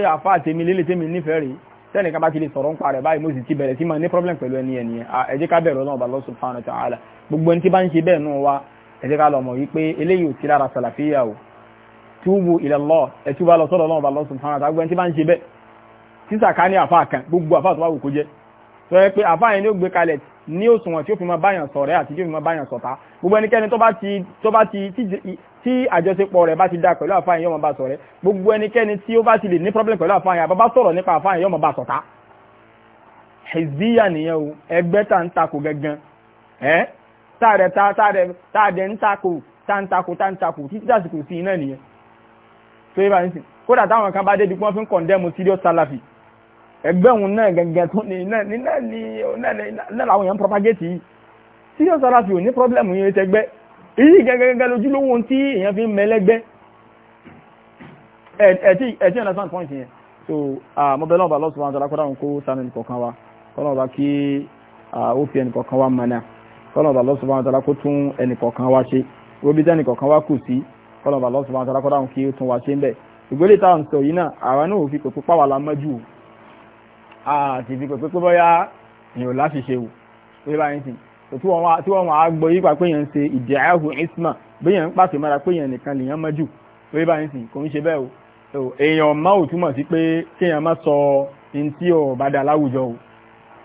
lélẹ̀ tẹ́nìkan bá ti lè sọ̀rọ̀ ń pa rẹ̀ báyìí mo sì ti bẹ̀rẹ̀ sí máa ní problem pẹ̀lú ẹni ẹni ẹ jẹ́ ká bẹ̀rù Ọlọ́run Allah subhanahu wa ta'ala gbogbo ẹni tí bá ń ṣe bẹ́ẹ̀ náà wá ẹ jẹ́ ká lọ mọ̀ wípé eléyìí ò sí lára sàlàfíà o túbù ila Allah ẹ túbà lọ sọ́dọ̀ Ọlọ́run Allah subhanahu wa ta'ala gbogbo ẹni tí bá ń ṣe bẹ́ẹ̀ sísà ká ní àfa kan gbogbo àfa tó bá wù kó jẹ́ sọ pé àfa yẹn ni ó gbé kalẹ̀ ní òṣùwọ̀n tí ó fi máa báyàn ṣọ̀rẹ́ àti tí ó fi máa báyàn ṣọ̀tá gbogbo ẹnikẹ́ni tó bá ti tó bá ti tí àjọṣepọ̀ rẹ̀ bá ti dá pẹ̀lú àfáàyàn yóò máa bá ṣọ̀rẹ́ gbogbo ẹnikẹ́ni tí ó bá ti lè ní problem pẹ̀lú àfáàyàn àbábá sọ̀rọ̀ nípa àfáàyàn yóò máa bá ṣọ̀tá hezbiya nìyẹn o ẹgbẹ́ tá ń takò gangan ẹ́ táàdẹ̀ táàdẹ̀ ń takò táǹtakò táǹtakò títí dàsìkò sí iná nìyẹn tó yẹ bá ń sìn kódà táwọn kan bá débi pé wọ́n fi ń condemn serious salafi ẹgbẹ́ òun náà gẹ́gẹ́ tó ní iná ní náà ní náà làwọn èèyàn propagate yìí serious therapy ò ní problem yẹn tẹgbẹ́ èyí gẹ́gẹ́gẹ́ lójúlówó tí èèyàn fi ń mẹ́lẹ́gbẹ́ ẹ̀ understand point yẹn so mo bẹ lọ́wọ́ bá lọ́sùn wa nítorí akọ́dà kó sanu nìkọ̀kan wa kọ́nà ọba kí ó fi ẹnìkọ̀kan wa mọ̀nà kọ́nà ọba lọ́sùn wa nítorí kó tún ẹnìkọ̀kan wa ṣe obi tẹ́ ẹnìkọ̀kan wa kù sí kọ́nà ọba lọ́sùn wa nítorí akọ́dà kí ó tún wa ṣe ń bẹ̀ ìgbélé táwọn sọ yìí náà àwa náà ò fi pèpè pàwọ́ àti fi pẹ̀pẹ́ pé bọ́yá èèyàn láti ṣe o pé báyìí sì tí wọ́n wàá gbọ́ yípa pé èèyàn ń ṣe ìdí àyàwó isma bí èèyàn ń pàṣẹ mára pé èèyàn nìkan lèèyàn mọ́jú pé báyìí sì kò ń ṣe bẹ́ẹ̀ o èèyàn má ò túmọ̀ sí pé kéèyàn má sọ ohun tí ò bá dà láwùjọ o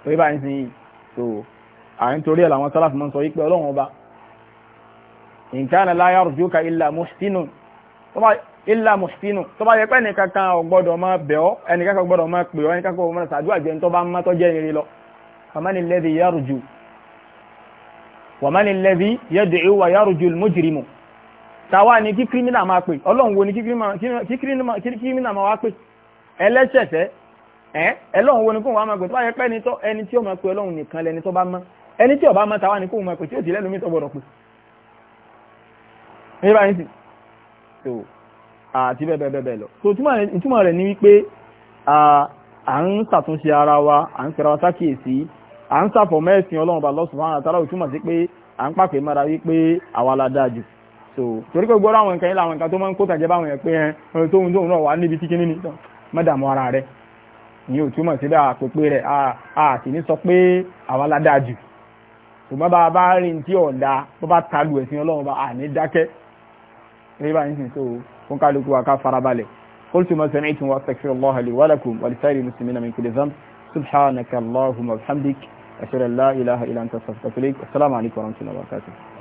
pé báyìí sì so à ń torí ẹ̀ làwọn sálàfù máa ń sọ yí pé ọlọ́run ọba in kana la yarjuka illa muhsinun ilà mùsùlùmí tó bá yẹ pé ẹnìkan kan ò gbọ́dọ̀ máa bẹ̀ ọ́ ẹnìkan kan ò gbọ́dọ̀ máa pè ọ́ ẹnìkan kan ò máa ṣàdúrà jẹ́ tó bá ń mátọ́ jẹ́ ìrìn lọ famani lẹ́bi yárùjù wàmani lẹ́bi yẹ́dù ìwà yárùjù mujrimu tàwa ni kí kírímìnà máa pè ọlọ́run wo ni kí kírímìnà máa wá pè ẹlẹ́ṣẹ̀ṣẹ̀ ẹ ẹlọ́run wo ni kóun wá máa pè tó bá yẹ pé ẹni tó ẹni tí ó àti bẹ́ẹ̀bẹ́ẹ̀bẹ́ẹ̀ lọ so ìtumọ̀ rẹ̀ ní wípé à ń ṣàtúnṣe ara wa à ń pẹ̀rọ wa sákìyèsí à ń sàfọ̀ mẹ́sìn ọlọ́run Allah subhanahu wa ta'ala ìtumọ̀ sí pé à ń pàpè so torí pé gbọ́dọ̀ àwọn nǹkan yìí làwọn nǹkan tó máa ń kó tàjẹ́ báwọn yẹn pé ẹn tóun tóun náà wà níbi tí kíní ní mọ́dàmú ara rẹ̀ ní òtúmọ̀ síbẹ̀ àpèpè rẹ̀ a sì ní sọ pé àwa la dáa jù ṣùgbọ́n bá bá rìn tí ọ̀dà bó bá talu ẹ̀sìn ọlọ́run bá a ní dákẹ́ rí báyìí sìn so fún kálukú wa ká farabalẹ̀ qultu ma sami'tu wa astaghfirullaha li wa lakum wa li sa'iril muslimina min kulli dhanb subhanaka allahumma wa bihamdik ashhadu an la ilaha illa anta astaghfiruka alaikum wa rahmatullahi wa barakatuh